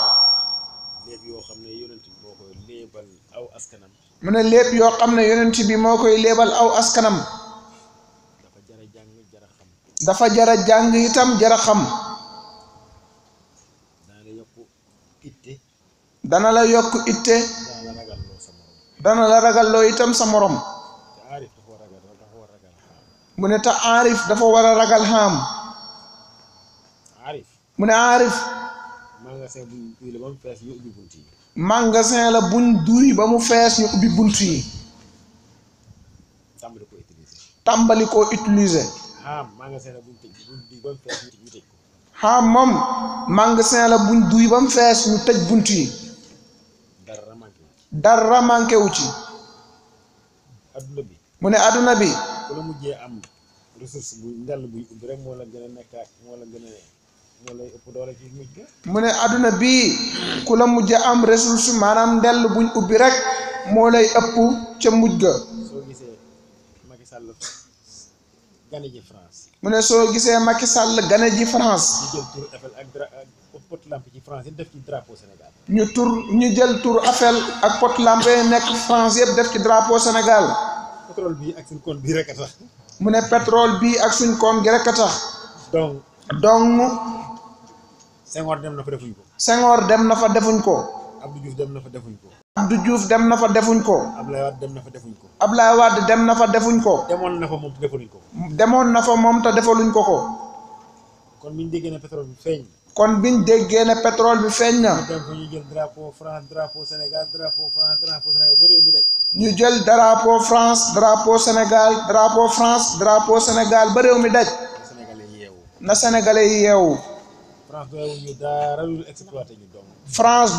mu ne lépp yoo xam ne yonent bi moo koy léebal aw askanam dafa jara jàng jara xam itam jara xam dana la yokk itte dana la ragalloo itam sa morom mu ne te aarif dafa war a ragal xaam mu ne aarif magasin la buñ duy ba mu fees ñu ubbi bunt yi tàmbali koo utiliser xaam moom magasin la buñ duy ba mu fees ñu tëj bunt yi dara manqué wu ci. adduna bi mu ne àdduna bi. ku la mujjee am bu ndell buy ubbi rek moo ëpp doole ci mujj mu ne adduna bi ku la mujjee am ressource maanaam ndell buñ ubbi rek moo lay ëpp ca mujj ga. Sall gane ji mu ne soo gisee Macky Sall gane ji France. di jël tur Eiffel ak dra def ci drapeau Sénégal. ñu tur ñu jël tur Appel ak pot lampe nekk France yëpp def ci drapeau Sénégal. pétrole bii ak suñ bii rek a mu ne pétrole bii ak suñ koom gi rek a tax. donc donc. Senghor dem na fa defuñ ko. Senghor dem na fa defuñ ko. Abdou Diouf dem na fa defuñ ko. Abdou Diouf dem na fa defuñ ko. Ablaye Wade dem na fa defuñ ko. Ablaye dem na fa defuñ ko. demoon na fa moom te defaluñ ko. demoon na fa moom te defaluñ ko ko. kon bu ñu déggee ne pétrole bi feeñ. kon biñ déggee ne pétrole bi feeñ na. ñu dem fa ñu jël drapeau France drapeau Sénégal drapeau France drapeau Sénégal ba mi daj. ñu jël drapeau France drapeau Sénégal drapeau France drapeau Sénégal ba réew mi daj. na Sénégalais yi yeewu. France doyewuñu dara lu dul exploité ñu dong. France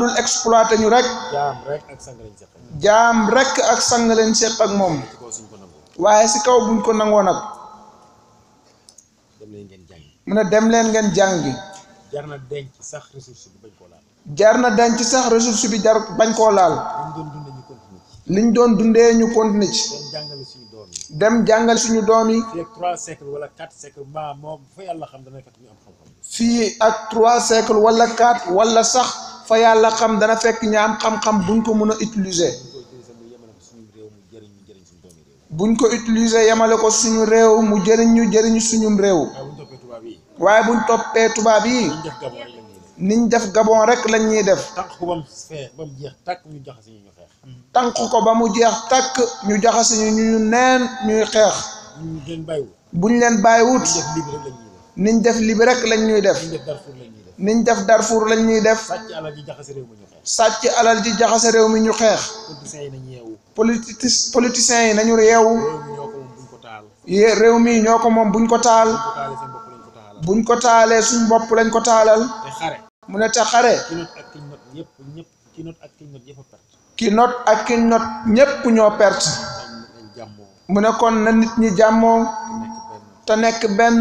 dul exploité ñu rek. jaam rek ak sang lañ seq. jaam rek ak sang lañ seq ak moom. waaye si kaw buñ ko nangoo nag. mu ne dem leen ngeen jàngi. jar na denc sax ressource bi bañ koo laal. jar na denc sax ressource bi jar bañ koo laal. liñ doon dundee ñu continuer ci. dem jàngal suñu doom yi. dem jàngal suñu doom yi. fii ak trois siècle wala quatre siècle maa moom fa yàlla xam dana fekk ñu am xam-xam. fii ak trois siècle wala quatre wala sax fa yàlla xam dana fekk ñu am xam-xam ko mën a utiliser. buñ ko utiliser yemale ko suñu réew mu jëriñ ñu jëriñ suñu réew. waaye buñ toppee tubaab yi niñ def gabon rek lañ ñuy def. tànq ko ba mu jeex tàkk ñu jaxase ñu xeex. tànq ko ba mu jeex tàkk ñu jaxase ñu neen ñuy xeex. buñ leen bàyyiwut. niñ def libi rek lañ ñuy def. niñ def Darfour lañ ñuy def. sàcc alal ji jaxase réew mi ñu xeex. sàcc ji jaxase réew mi ñu xeex. politiciens yi nañu yeewu. réew mi ñoo ko moom buñ ko taal. réew mi ñoo ko moom buñ ko taal. buñ ko taalee suñ bopp lañ ko taalal. te mu ne te xare. ki ak ki not ñëpp ñëpp ki not ak ki not ñëpp perte. ki not ak ki not ñëpp ñoo perte. mu ne kon na nit ñi jàmmoo. te nekk benn.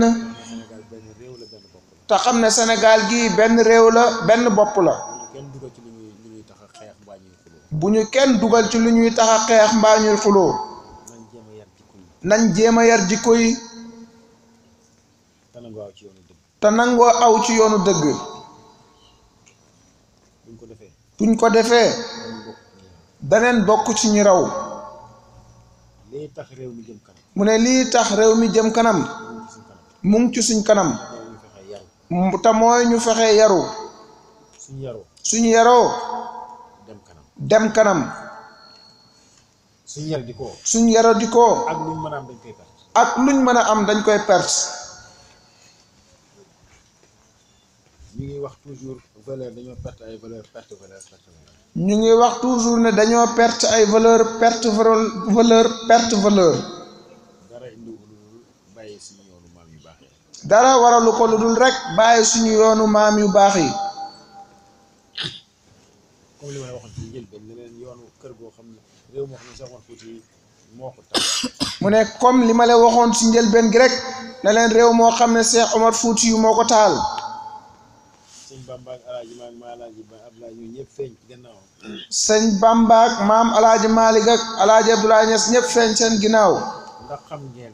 te xam ne Sénégal gi benn réew la benn bopp la. bu ñu kenn dugal ci lu ñuy tax a xeex mbaa ñuy xuloo. nañ jéem yar jikko te nangoo aw ci yoonu dëgg buñ ko defee daneen bokk ci ñu raw mu ne lii tax réew mi jëm kanam mu ci suñ kanam te mooy ñu fexe yaru suñu yaroo dem kanam suñ yaro di koo ak luñ mën a am dañ koy perte ñu ngi wax toujours valeur dañoo perte ay valeur perte valeur perte ñu ngi wax toujours ne dañoo perte ay valeur perte valeur perte valeur. dara indi ko lu suñu yoonu maam yu baax dara waralu ko lu dul rek bàyyi suñu yoonu maam yu baax yi. comme li may waxoon ci njëlbeen yoonu kër goo xam ne réew moo xam moo ko tax. mu ne comme li ma la waxoon ci njëlbeen gi rek ne leen réew moo xam ne Cheikh Omar Fouti yu moo ko taal. bambaak alaaji maalik ma alaaji abdoulaye ñu ñëpp feeñ ci maam alaaji maalik ak alaaji abdoulaye ñes ñëpp feeñ seen ginnaaw ndax xam ngeen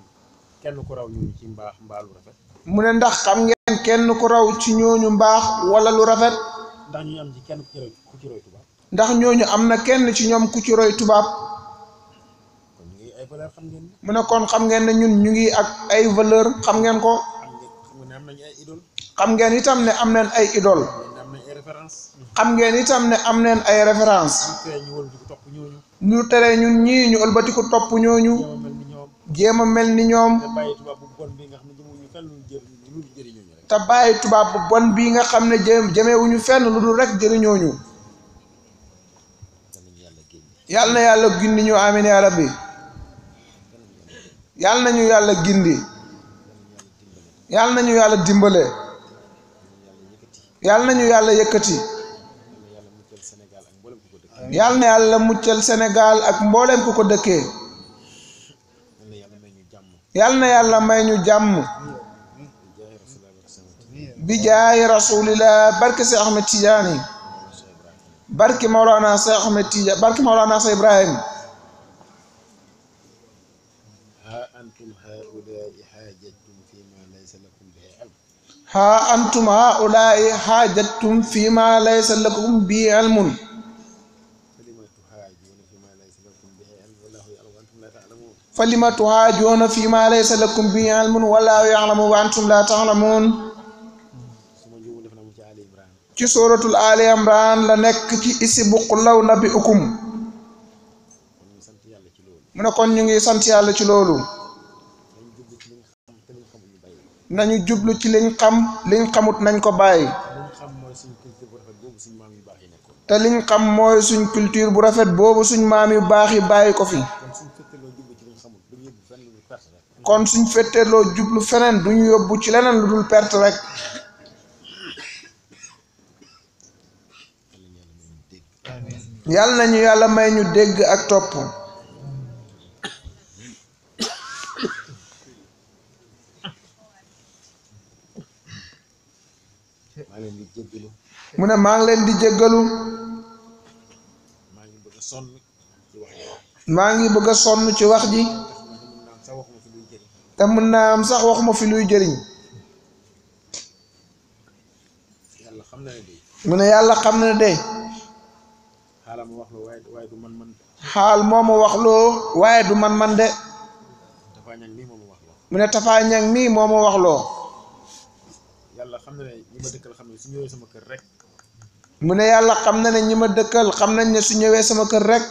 kenn ku raw ñooñu ci mbaax mbaa lu rafet mu ne ndax xam ngeen kenn ku raw ci ñu mbaax wala lu rafet ndax ñooñu am kenn ku ku ci ndax ñooñu am na kenn ci ñoom ku ci roy tubaab mu kon xam ngeen ne ñun ñu ngi ak ay valeur xam ngeen ko xam ngeen itam ne am neen ay idole xam ngeen itam ne am neen ay référence ñu tere ñun ñii ñu ëlbatiku topp ñooñu jéem a mel ni ñoom te bàyyi tubaab bu bon bii nga xam ne jëm jëmewuñu fenn lu dul rek jëriñooñu yàlla na yàlla gindi ñu amin yaa rabbi yàlla nañu yàlla gindi yàlla nañu yàlla dimbale yàlla nañu yàlla yëkkati yàlla na yàlla muccal Sénégal ak mboolem ku ko dëkkee yàlla na yàlla may ñu jàmm bi jaay rasulillah barke Seex Ahmed Tidiane barke Maolana Seex Ahmed Tidiane barke Maolana Seex Ibrahim ha antum haulai hajattum fima laysa lakum bi ilmun falima tuhaajuna fima laysa lakum bi ilmun wallahu ya'lamu wa antum la ta'lamun ci suratul ali imran la nekk ci isibu qul law nabi'ukum mu ne kon ñu ngi sant yàlla ci loolu nañu jublu ci liñ xam liñ xamut nañ ko bàyyi te liñ xam mooy suñ culture bu rafet boobu suñ maam yu baax yi bàyyi ko fi kon suñu fetteeloo jublu feneen duñu yóbbu ci leneen lu dul perte rek yàlla nañu yàlla may ñu dégg ak topp maa ngi leen di jéggalu mu ne maa leen di jéggalu maa ngi bëgg a sonn ci wax ji maa ngi bëgg a sonn ci wax ji te mun naa am sax wax ma fi luy jëriñ mu ne yàlla xam na ne de xaal moo ma wax loo waaye du man man de mu ne tafaañag mii moo ma wax loo yàlla xam na ne ñi ma dëkkal su ñëwee sama kër rek. mu ne yàlla xam na ne ñi ma dëkkal xam nañ ne su ñëwee sama kër rek.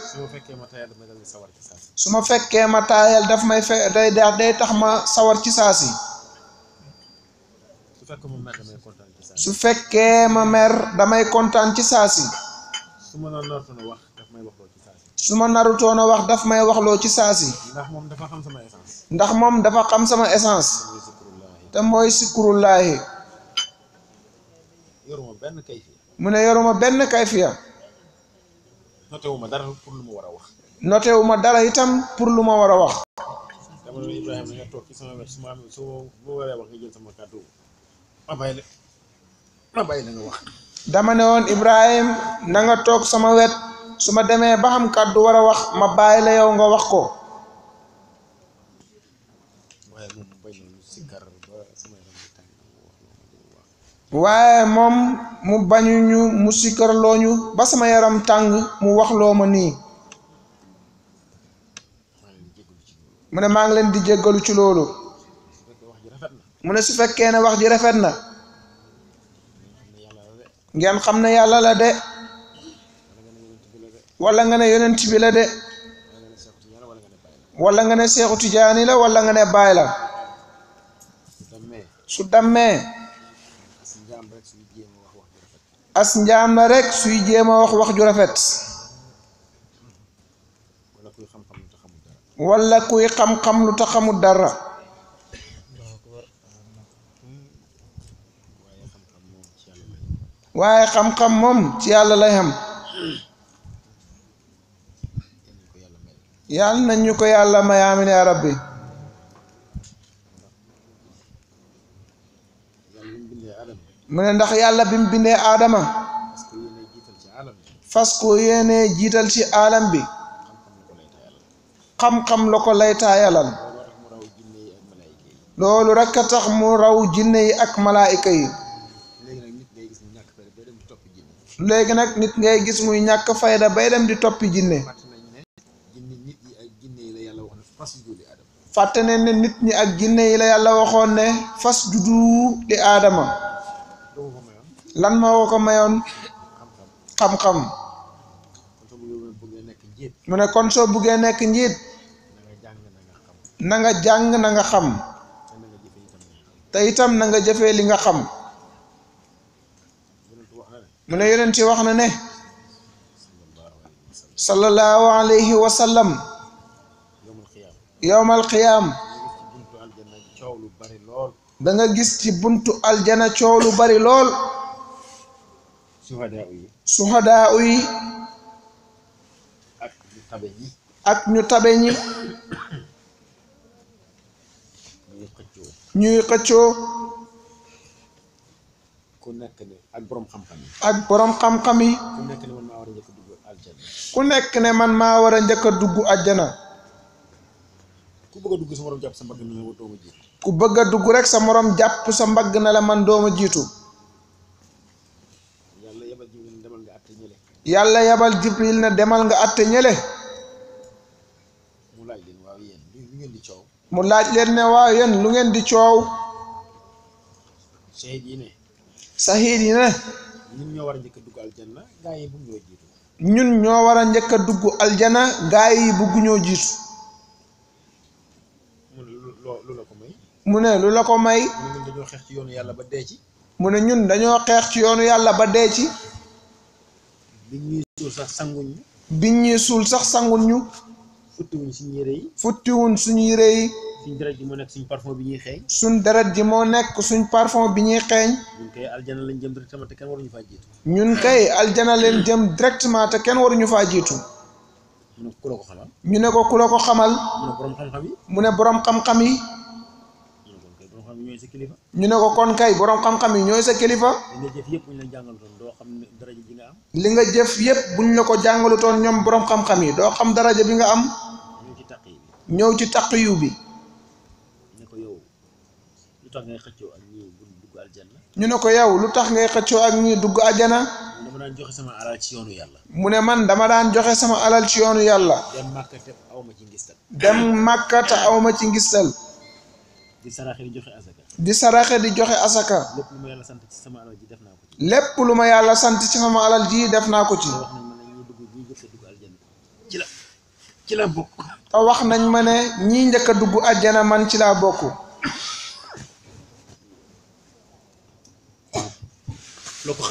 su ma fekkee ma taayal daf may sawar ci saasi. su ma fekkee ma taayal daf may fe day day tax ma sawar ci saa si fekkee ma mer damay kontaan ci su fekkee ma mer damay kontaan ci saasi. su ma narutoon a wax may waxloo su ma narutoon a wax daf may waxloo ci saa si moom dafa xam ndax moom dafa xam sama essence. te mooy sikkurullaahi. yoruma benn kayfiya. mu ne yoruma benn kayfiya. notewuma dara pour lu ma war a wax. notewuma dara itam pour lu ma war a wax. dama ne sama su ma amee su ma waree ma bàyyi la ma bàyyi ne woon Ibrahima na nga toog sama wet su ma demee ba xam kàddu war a wax ma bàyyi la yow nga wax ko. waaye moom mu bañuñu mu sikkarlooñu ba sama yaram tàng mu waxloo ma nii mu ne maa ngi leen di jéggalu ci loolu mu ne su fekkee ne wax ji rafet na ngeen xam ne yàlla la de wala nga ne yonent bi la de wala nga ne seexu tijaani la walla nga ne baay la su dammee as njaam la rek suy jéem wax wax ju rafet wala kuy xam-xam lu ta dara waaye xam-xam moom ci yàlla lay xam yàlla na ñu ko yàlla may amiin yaa rabbi mu ne ndax yàlla bim mu bindee aadama fas ko yéenee jiital ci aalam bi xam-xam la ko lay laytaayalal loolu rek a tax mu raw jinne yi ak malaayika yi léegi nag nit ngay gis muy ñàkk fayda bay dem di toppi jinne fàtte ne ne nit ñi ak jinne yi la yàlla waxoon ne fas juddu li aadama lan moo ko mayoon xam-xam mu ne kon soo buggee nekk njiit na nga jàng na nga xam te itam na nga jëfee li nga xam mu ne yonent wax na ne sallallahu alayhi wa sallam yowmal qiyaam da nga gis ci buntu aljana coow lu bari lool suhadaa yi suhadaa yi ak ñu tabe ak ñu tabe ñuy xëccoo nekk ak borom xam-xam yi ak yi ku nekk ne man maa war a dugg àjjana ku nekk ne man maa war a njëkk a dugg àjjana ku dugg sa morom jàpp sa mbagg na la man dooma ku bëgg dugg rek sa morom jàpp sa mbagg na man dooma jiitu yàlla yebal jibril na demal nga atte ñële mu laaj leen waaw yéen lu ngeen di coow mu laaj leen ne waaw lu ngeen di coow sahid yi ne sahid yi ne ñun ñoo war a njëkk a dugg aljana gaa yi bugg ñoo jiitu ñun ñoo war a njëkk a dugg aljana gaa yi bugg ñoo jiitu mu ne lu la ko may mu ne lu la ko may ci yoonu yàlla ba dee ci mu ne ñun dañoo xeex ci yoonu yàlla ba dee ci bi ñuy suul sax sanguñ ñu. bi ñuy suul sax sanguñ ñu. futtiwuñ suñu yére yi. futtiwuñ suñu yére yi. ji moo nekk suñ parfum bi ñuy xeeñ. suñ deret ji moo nekk suñ parfum bi ñuy xeeñ. ñun kay aljana lañ jëm directement te kenn waruñu faa jiitu. ñun kay aljana leen jëm directement te kenn waruñu faa jiitu. ñu ne ko ko xamal. ñu ne ko ku la ko xamal. mu xam-xam yi. mu ne borom xam-xam yi. ñu ko kon kay borom xam-xam yi ñooy ko kon kay borom xam-xam yi ñooy sa kilifa. li nga jëf yépp buñ la ko toon ñoom boroom xam-xam yi doo xam daraja bi nga am ñëw ci taqiyu bi ñu ne ko yow lu tax ngay xëccoo ak ñi dugg àjjana mu ne man dama daan joxe sama alal ci yoonu yàlla. mu ne man dama daan joxe sama alal yoonu yàlla. dem màkka te aw ma ci ngistal. dem màkka te aw ma ci ngistal. di saraxe di joxe asaka. di saraxe di joxe asaka. lépp lu ma yàlla sant ci sama alal def naa lépp lu ma yàlla sant ci sama alal ji def naa ko ci. ci la bokk. te wax nañ ma ne ñii njëkk a dugg àjjana man ci laa bokk. loo ko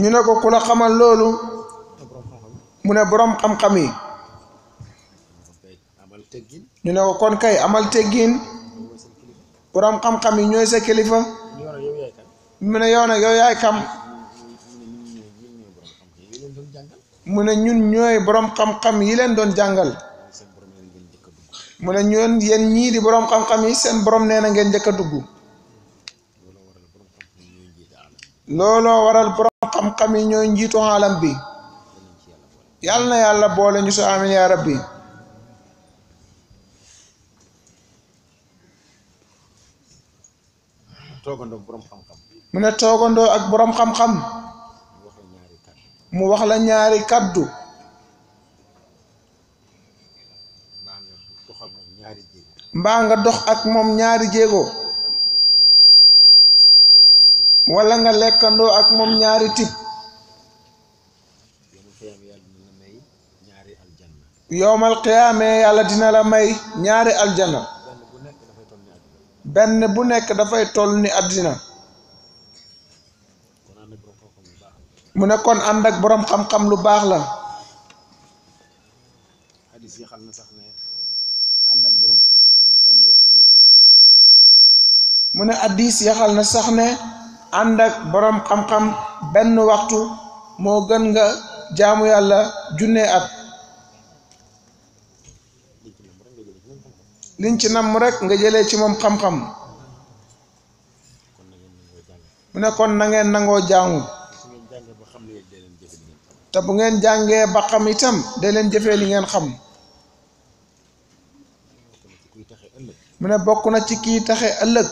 ñu ne ko ku la xamal loolu. mu ne borom xam-xam yi. ñu ne ko kon kay amal teggin. borom xam-xam yi ñooy sa kilifa. mu ne yow nag yow yaay kam mu ne ñun ñooy borom xam-xam yi leen doon jàngal mu ne ñoon yéen ñii borom xam-xam yi seen borom nee na ngeen njëkk a dugg looloo waral borom xam-xam yi ñooy njiitu alam bi yàlla na yàlla boole ñu su amin yaa rabbi toogandoo ak borom xam mu ne toogandoo ak borom xam-xam. mu wax la ñaari kaddu. mbaa nga dox ak moom ñaari jéego. wala nga lekkandoo ak moom ñaari tib yowmal qiyaame yàlla dina la may ñaari aljanna benn bu nekk dafay toll ni àddina mu ne kon ànd ak boroom xam-xam lu baax la mu ne addis yaxal na sax ne ànd boroom xam-xam benn waxtu moo gën nga jaamu yàlla junne at liñ ci namm rek nga jëlee ci moom xam-xam mu ne kon na ngeen nangoo jàngu te bu ngeen jàngee ba xam itam da leen jëfee li ngeen xam mu ne bokk na ci kii taxe ëllëg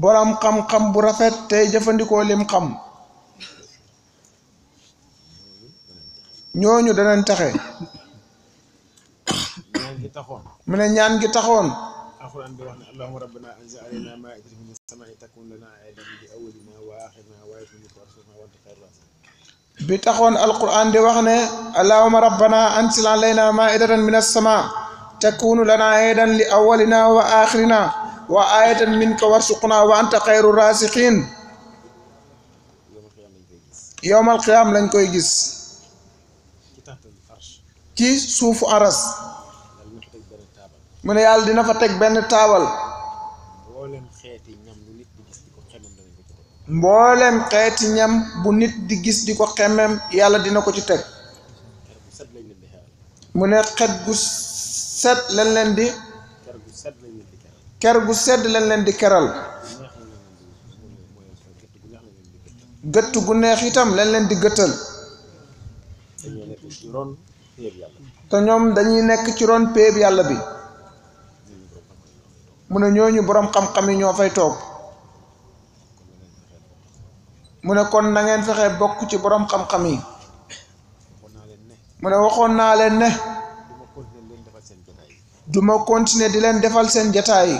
boroom xam-xam bu rafet tey jëfandikoo lim xam ñooñu danañ taxe gi taxoon. mu ne ñaan gi taxoon. alxuraan di wax ne rabbana anzil alayna maa'idatan minas samaa'i takun lana takun lana aayatan li awwalina wa aaxirina wa aayatan minka warzuqna wa anta xayrul raaziqiin yowmal qiyaam lañ koy gis. ci suufu aras. mu ne yàlla dina fa teg benn taabal mboolem xeeti ñam bu nit di gis di ko xemem mboolem xeeti ñam bu nit di gis di ko xemem yàlla dina ko ci teg mu ne xet gu set lañ leen di ker gu sedd lañ leen di keral gëtt gu neex itam lañ leen di gëttal te ñoom dañuy nekk ci ron péeb yàlla bi mu ne ñooñu boroom xam-xam yi ñoo fay toog mu ne kon nangeen fexee bokk ci boroom xam-xam yi mu ne waxoon naa leen ne du ma continuer di leen defal seen jataay yi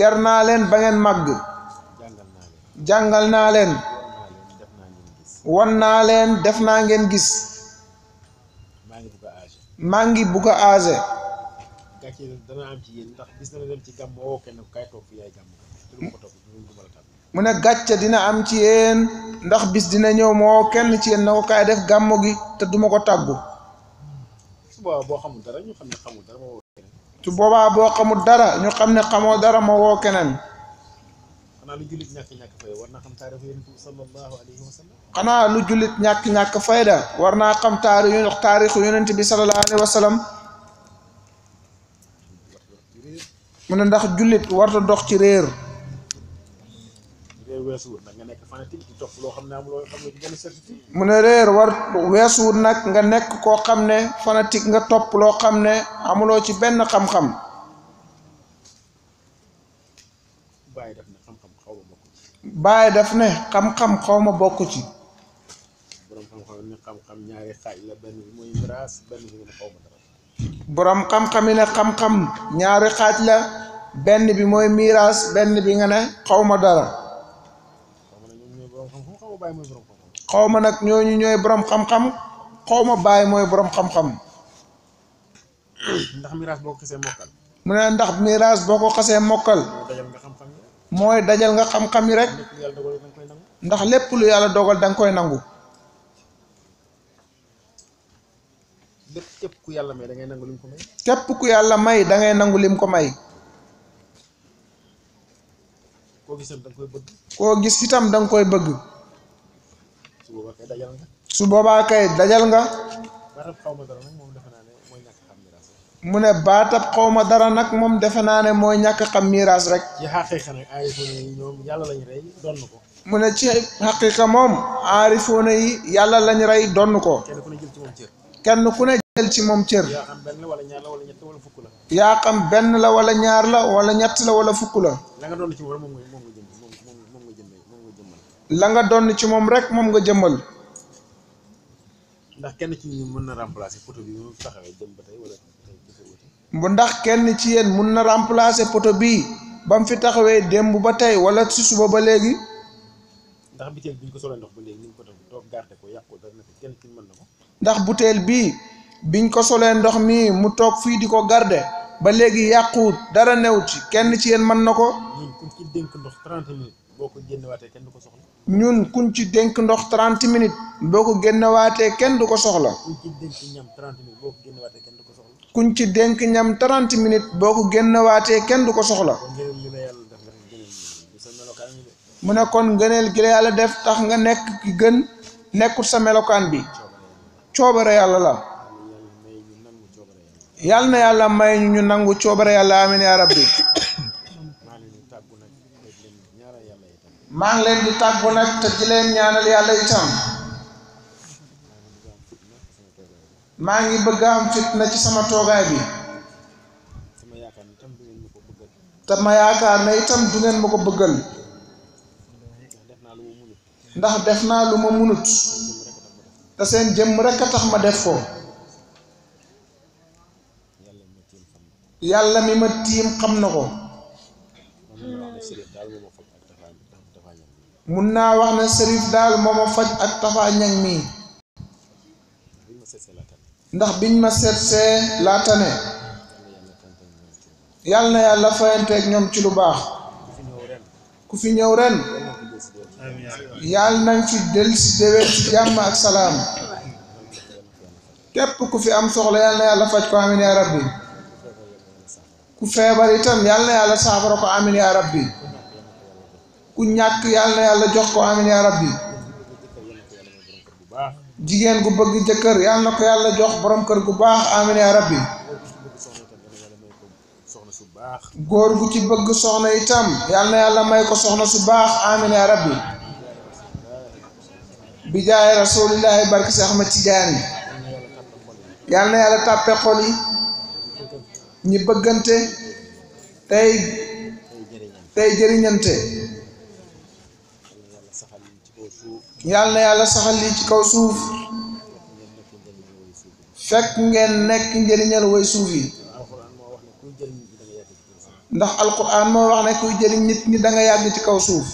yar naa leen ba ngeen màgg jàngal naa leen wan naa leen def naa ngeen gis maa ngi bugg a âgé gàcce dana am ci yéen ndax gis ko toog du ko mu ne gàcce dina am ci yéen ndax bis dina ñëw moo kenn ci yéen ko kaay def gàmm gi te duma ko tàggu. su boobaa boo xamul dara ñu xam ne xamul dara ma woo boo xamul dara ñu xam ne xamoo dara ma woo keneen. xanaa lu jullit ñàkk ñàkk fayda war xam taarixu yonent bi wa sallam. xanaa lu jullit ñàkk ñàkk bi sallallahu alayhi wa mu ne ndax jullit warta dox ci réer. réer weesuwut nekk fanatique di topp loo xam ne am loo xam ne ci mu ne réer war weesuwut nag nga nekk koo xam ne fanatique nga topp loo xam ne amuloo ci benn xam-xam. Baay daf ne xam-xam xaw ma bokk ci. xaw ma bokk ci. boroom xam-xam yi ne xam-xam ñaari xaaj la benn bi mooy miiras benn bi nga ne xaw ma dara xaw ma nag ñooñu ñooy boroom xam-xam xaw ma bàyyi mooy boroom xam-xam ndax miiras boo ko xasee mokkal mu ne ndax miiras boo ko xasee mokkal mooy dajal nga xam-xam yi rek ndax lépp lu yàlla dogal danga koy nangu lépp képp ku yàlla may da ngay nangu lim ko may. yàlla may da ngay nangu lim ko may. koo gis itam da koy bëgg. koo gis itam da nga koy bëgg. su boobaa kay dajal nga. su boobaa kay dajal nga. mu ne baatab xaw ma dara nag moom defe naa ne mooy ñàkk xam miiras rek. ci xaqiqa nag aarifoona yi rey donn ko. mu ne ci xaqiqa moom aarifoona yi yàlla lañ rey donn ko. kenn kenn ku ne del ci moom cër yaa xam benn la wala ñaar la wala ñett la wala fukk la yaa xam benn wala ñaar la wala la wala fukk la la nga doon ci moom moom nga jëmmal la nga doon ci moom rek moom nga jëmmal ndax kenn ci ñun mën na remplacer poto bi mu taxawee jëm ba tey wala bu ndax kenn ci yéen mun na remplacer poto bii ba mu fi taxawee demb ba tey wala si suba ba léegi ndax butéel bi ñu ko solee ndox ba léegi ñu ko toog garde ko yàqu dara na kenn mën na ko bii biñ ko solee ndox mi mu toog fii di ko garde ba léegi yàquwut dara new ci kenn ci yéen mën na ko. ñun kuñ ci dénk ndox 30 minutes boo ko génnewaatee kenn du ko soxla. ñun kuñ ci dénk ndox 30 minutes boo ko génnewaatee kenn du ko soxla. kuñ ci dénk ñam 30 minutes boo ko génnewaatee kenn du ko soxla. kuñ ci dénk ñam 30 minutes boo ko génnewaatee kenn du ko soxla. mu ne kon ngëneel gi la def tax nga nekk ki gën nekkut sa melokaan bi coobare yàlla la. yàlla na yàlla may ñu nangu coobare yàlla amin yaa rabbi maa ngi leen di tàggu nag te di leen ñaanal yàlla itam maa ngi bëgg a am fitna ci sama toogaay bi te ma yaakaar ne itam du ngeen ma ko bëggal ndax def naa lu ma munut te seen jëmm rekk a tax ma def ko yàlla mi ma tiim xam na ko mun naa wax na sërif daal moo ma faj ak tafaa ñaŋ mi ndax biñ ma seetsee laata ne yàlla na yàlla fayanteeg ñoom ci lu baax ku fi ñëw ren yàlla nañ fi del si jàmm ak salaam képp ku fi am soxla yàlla na yàlla faj ko amin yaa ku feebar itam yal na yàlla saafara ko amin yaa rabbi ku ñàkk yal na yàlla jox ko amin yaa rabbi jigéen gu bëgg jëkkër yal na ko yàlla jox boroom kër gu baax amin yaa rabbi góor gu ci bëgg soxna itam yal na yàlla may ko soxna su baax amin yaa rabbi bi jaay rasulillahi barki si Ahmad Tijaani yal na yàlla tàppe xol yi ñi bëggante tey tey jëriñante yàlla na yàlla saxal lii ci kaw suuf fekk ngeen nekk njëriñal way suuf yi ndax alquran moo wax ne kuy jëriñ nit ñi da nga yàgg ci kaw suuf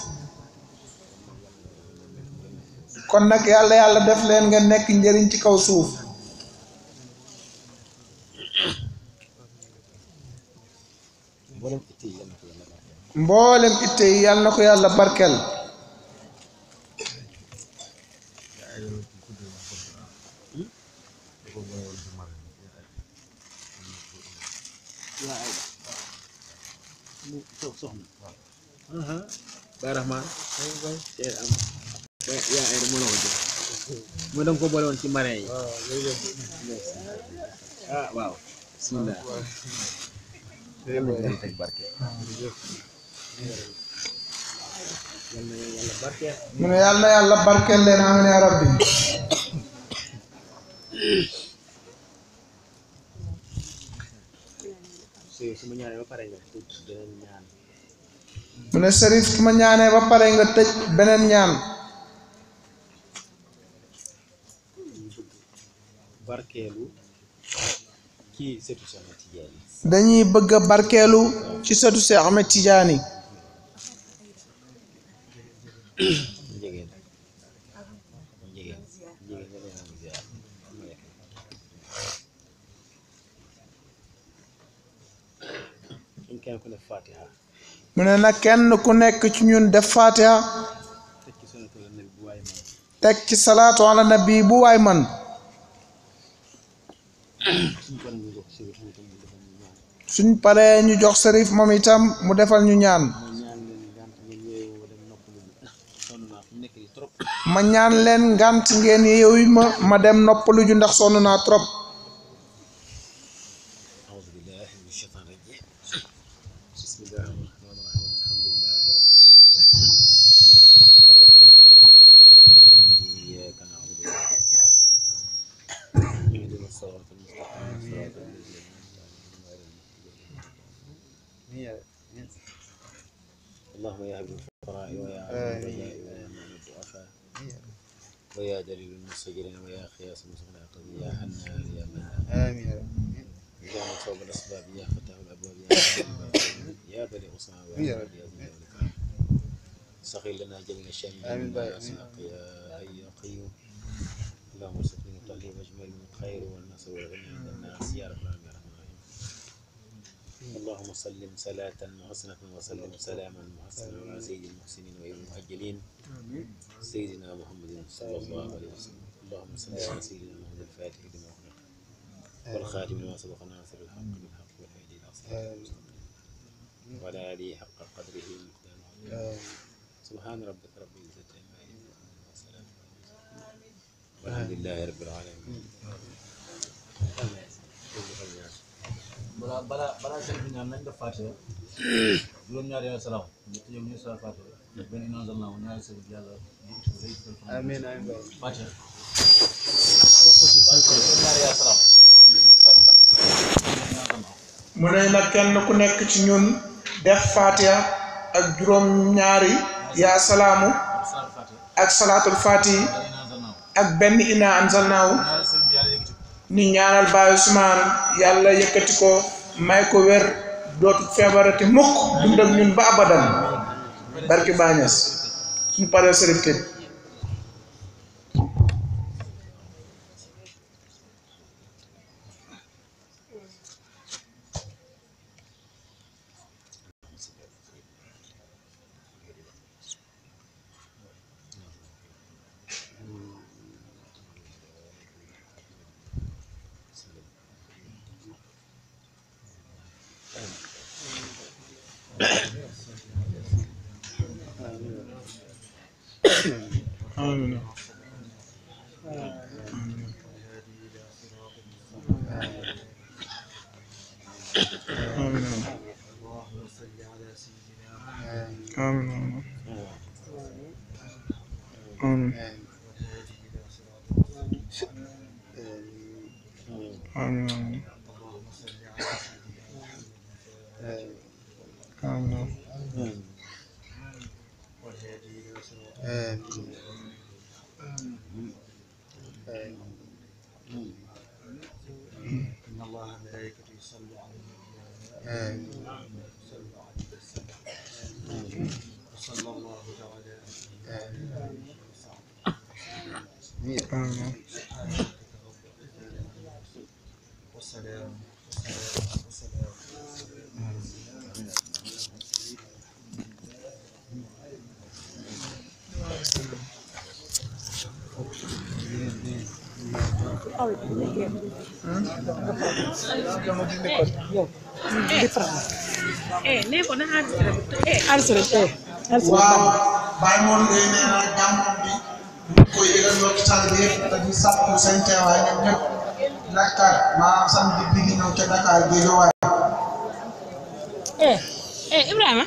kon nag yàlla yàlla def leen ngeen nekk njëriñ ci kaw suuf mboolem itte yi yàlla na ko yàlla barkeel. mboolem itte yi yàlla na ko yàlla yaa ay mën na ko jox mooy da nga ko boole ci marin yi. ah waaw bismillah leen teg barke mu yàlla yàlla barkeel leen amin ya rabbi mu nga tëj beneen ñaan barkeelu kii dañuy bëgg a barkeelu ci sëtu Seex Ahmed Tijaani mu ne nag kenn ku nekk ci ñun def faatiha teg ci salaatu ala nabi bu waay man suñ paree ñu jox sërif moom itam mu defal ñu ñaan ma ñaan leen ngànt ngeen yeewu ma ma dem noppalu ju ndax sonn naa trop ويا دليل المستجرين ويا خياس المستقيم يا حنان يا منان آمين يا مصوب الأسباب يا فتح الأبواب يا يا بني أسامة يا بني سخي لنا جميع الشام آمين يا حي يا قيوم اللهم ارزقني وتعليم أجمل من خير والنصر والغنى عند الناس يا رب allahuma sallim salatan muhasanatan wa sallim salaaman muhasanan ala sayidi almuhsinin wa imam muhajjalin sayidina muhammadin sallallahu alayhi wa sallam allahuma salli ala sayidina muhammad alfatihi lima uxliq والخاتم لما سبق ناصر الحق بالحق والهادي الى صراط وعلى اله حق قدره مقداره سبحان ربك رب العزه عما يصفون وسلام والحمد لله رب العالمين balaa balaa balaa sëñ bi ñaan nañ def fàtte juróom-ñaari yàlla salaam ñett yow ñu sa benn inna anzalnaahu ñaari sëñ bi yàlla amiin amiin fàtte juróom-ñaari yàlla salaam mu ne nag kenn ku nekk ci ñun def fatiha ak juróom-ñaari yaa salaamu ak salaatul fatihi ak benn inna anzalnaahu ni ñaanal Baay Usmaan yàlla yëkkati ko may ko wér dootu feebarati mukk dund ak ñun ba abadan barki baañas suñu paree sëriñ tëj Al yow eh nee ko na enregistré eh enregistré waaw bay moon ngay nee na gàmmoom bi ñu koy yëgal ñoo ci salle bi yëpp dañuy sàpp seen teewaay ñoom ñëpp Dakar maanaam samedi bi di ñëw ca Dakar bi waaye eh eh Ibrahima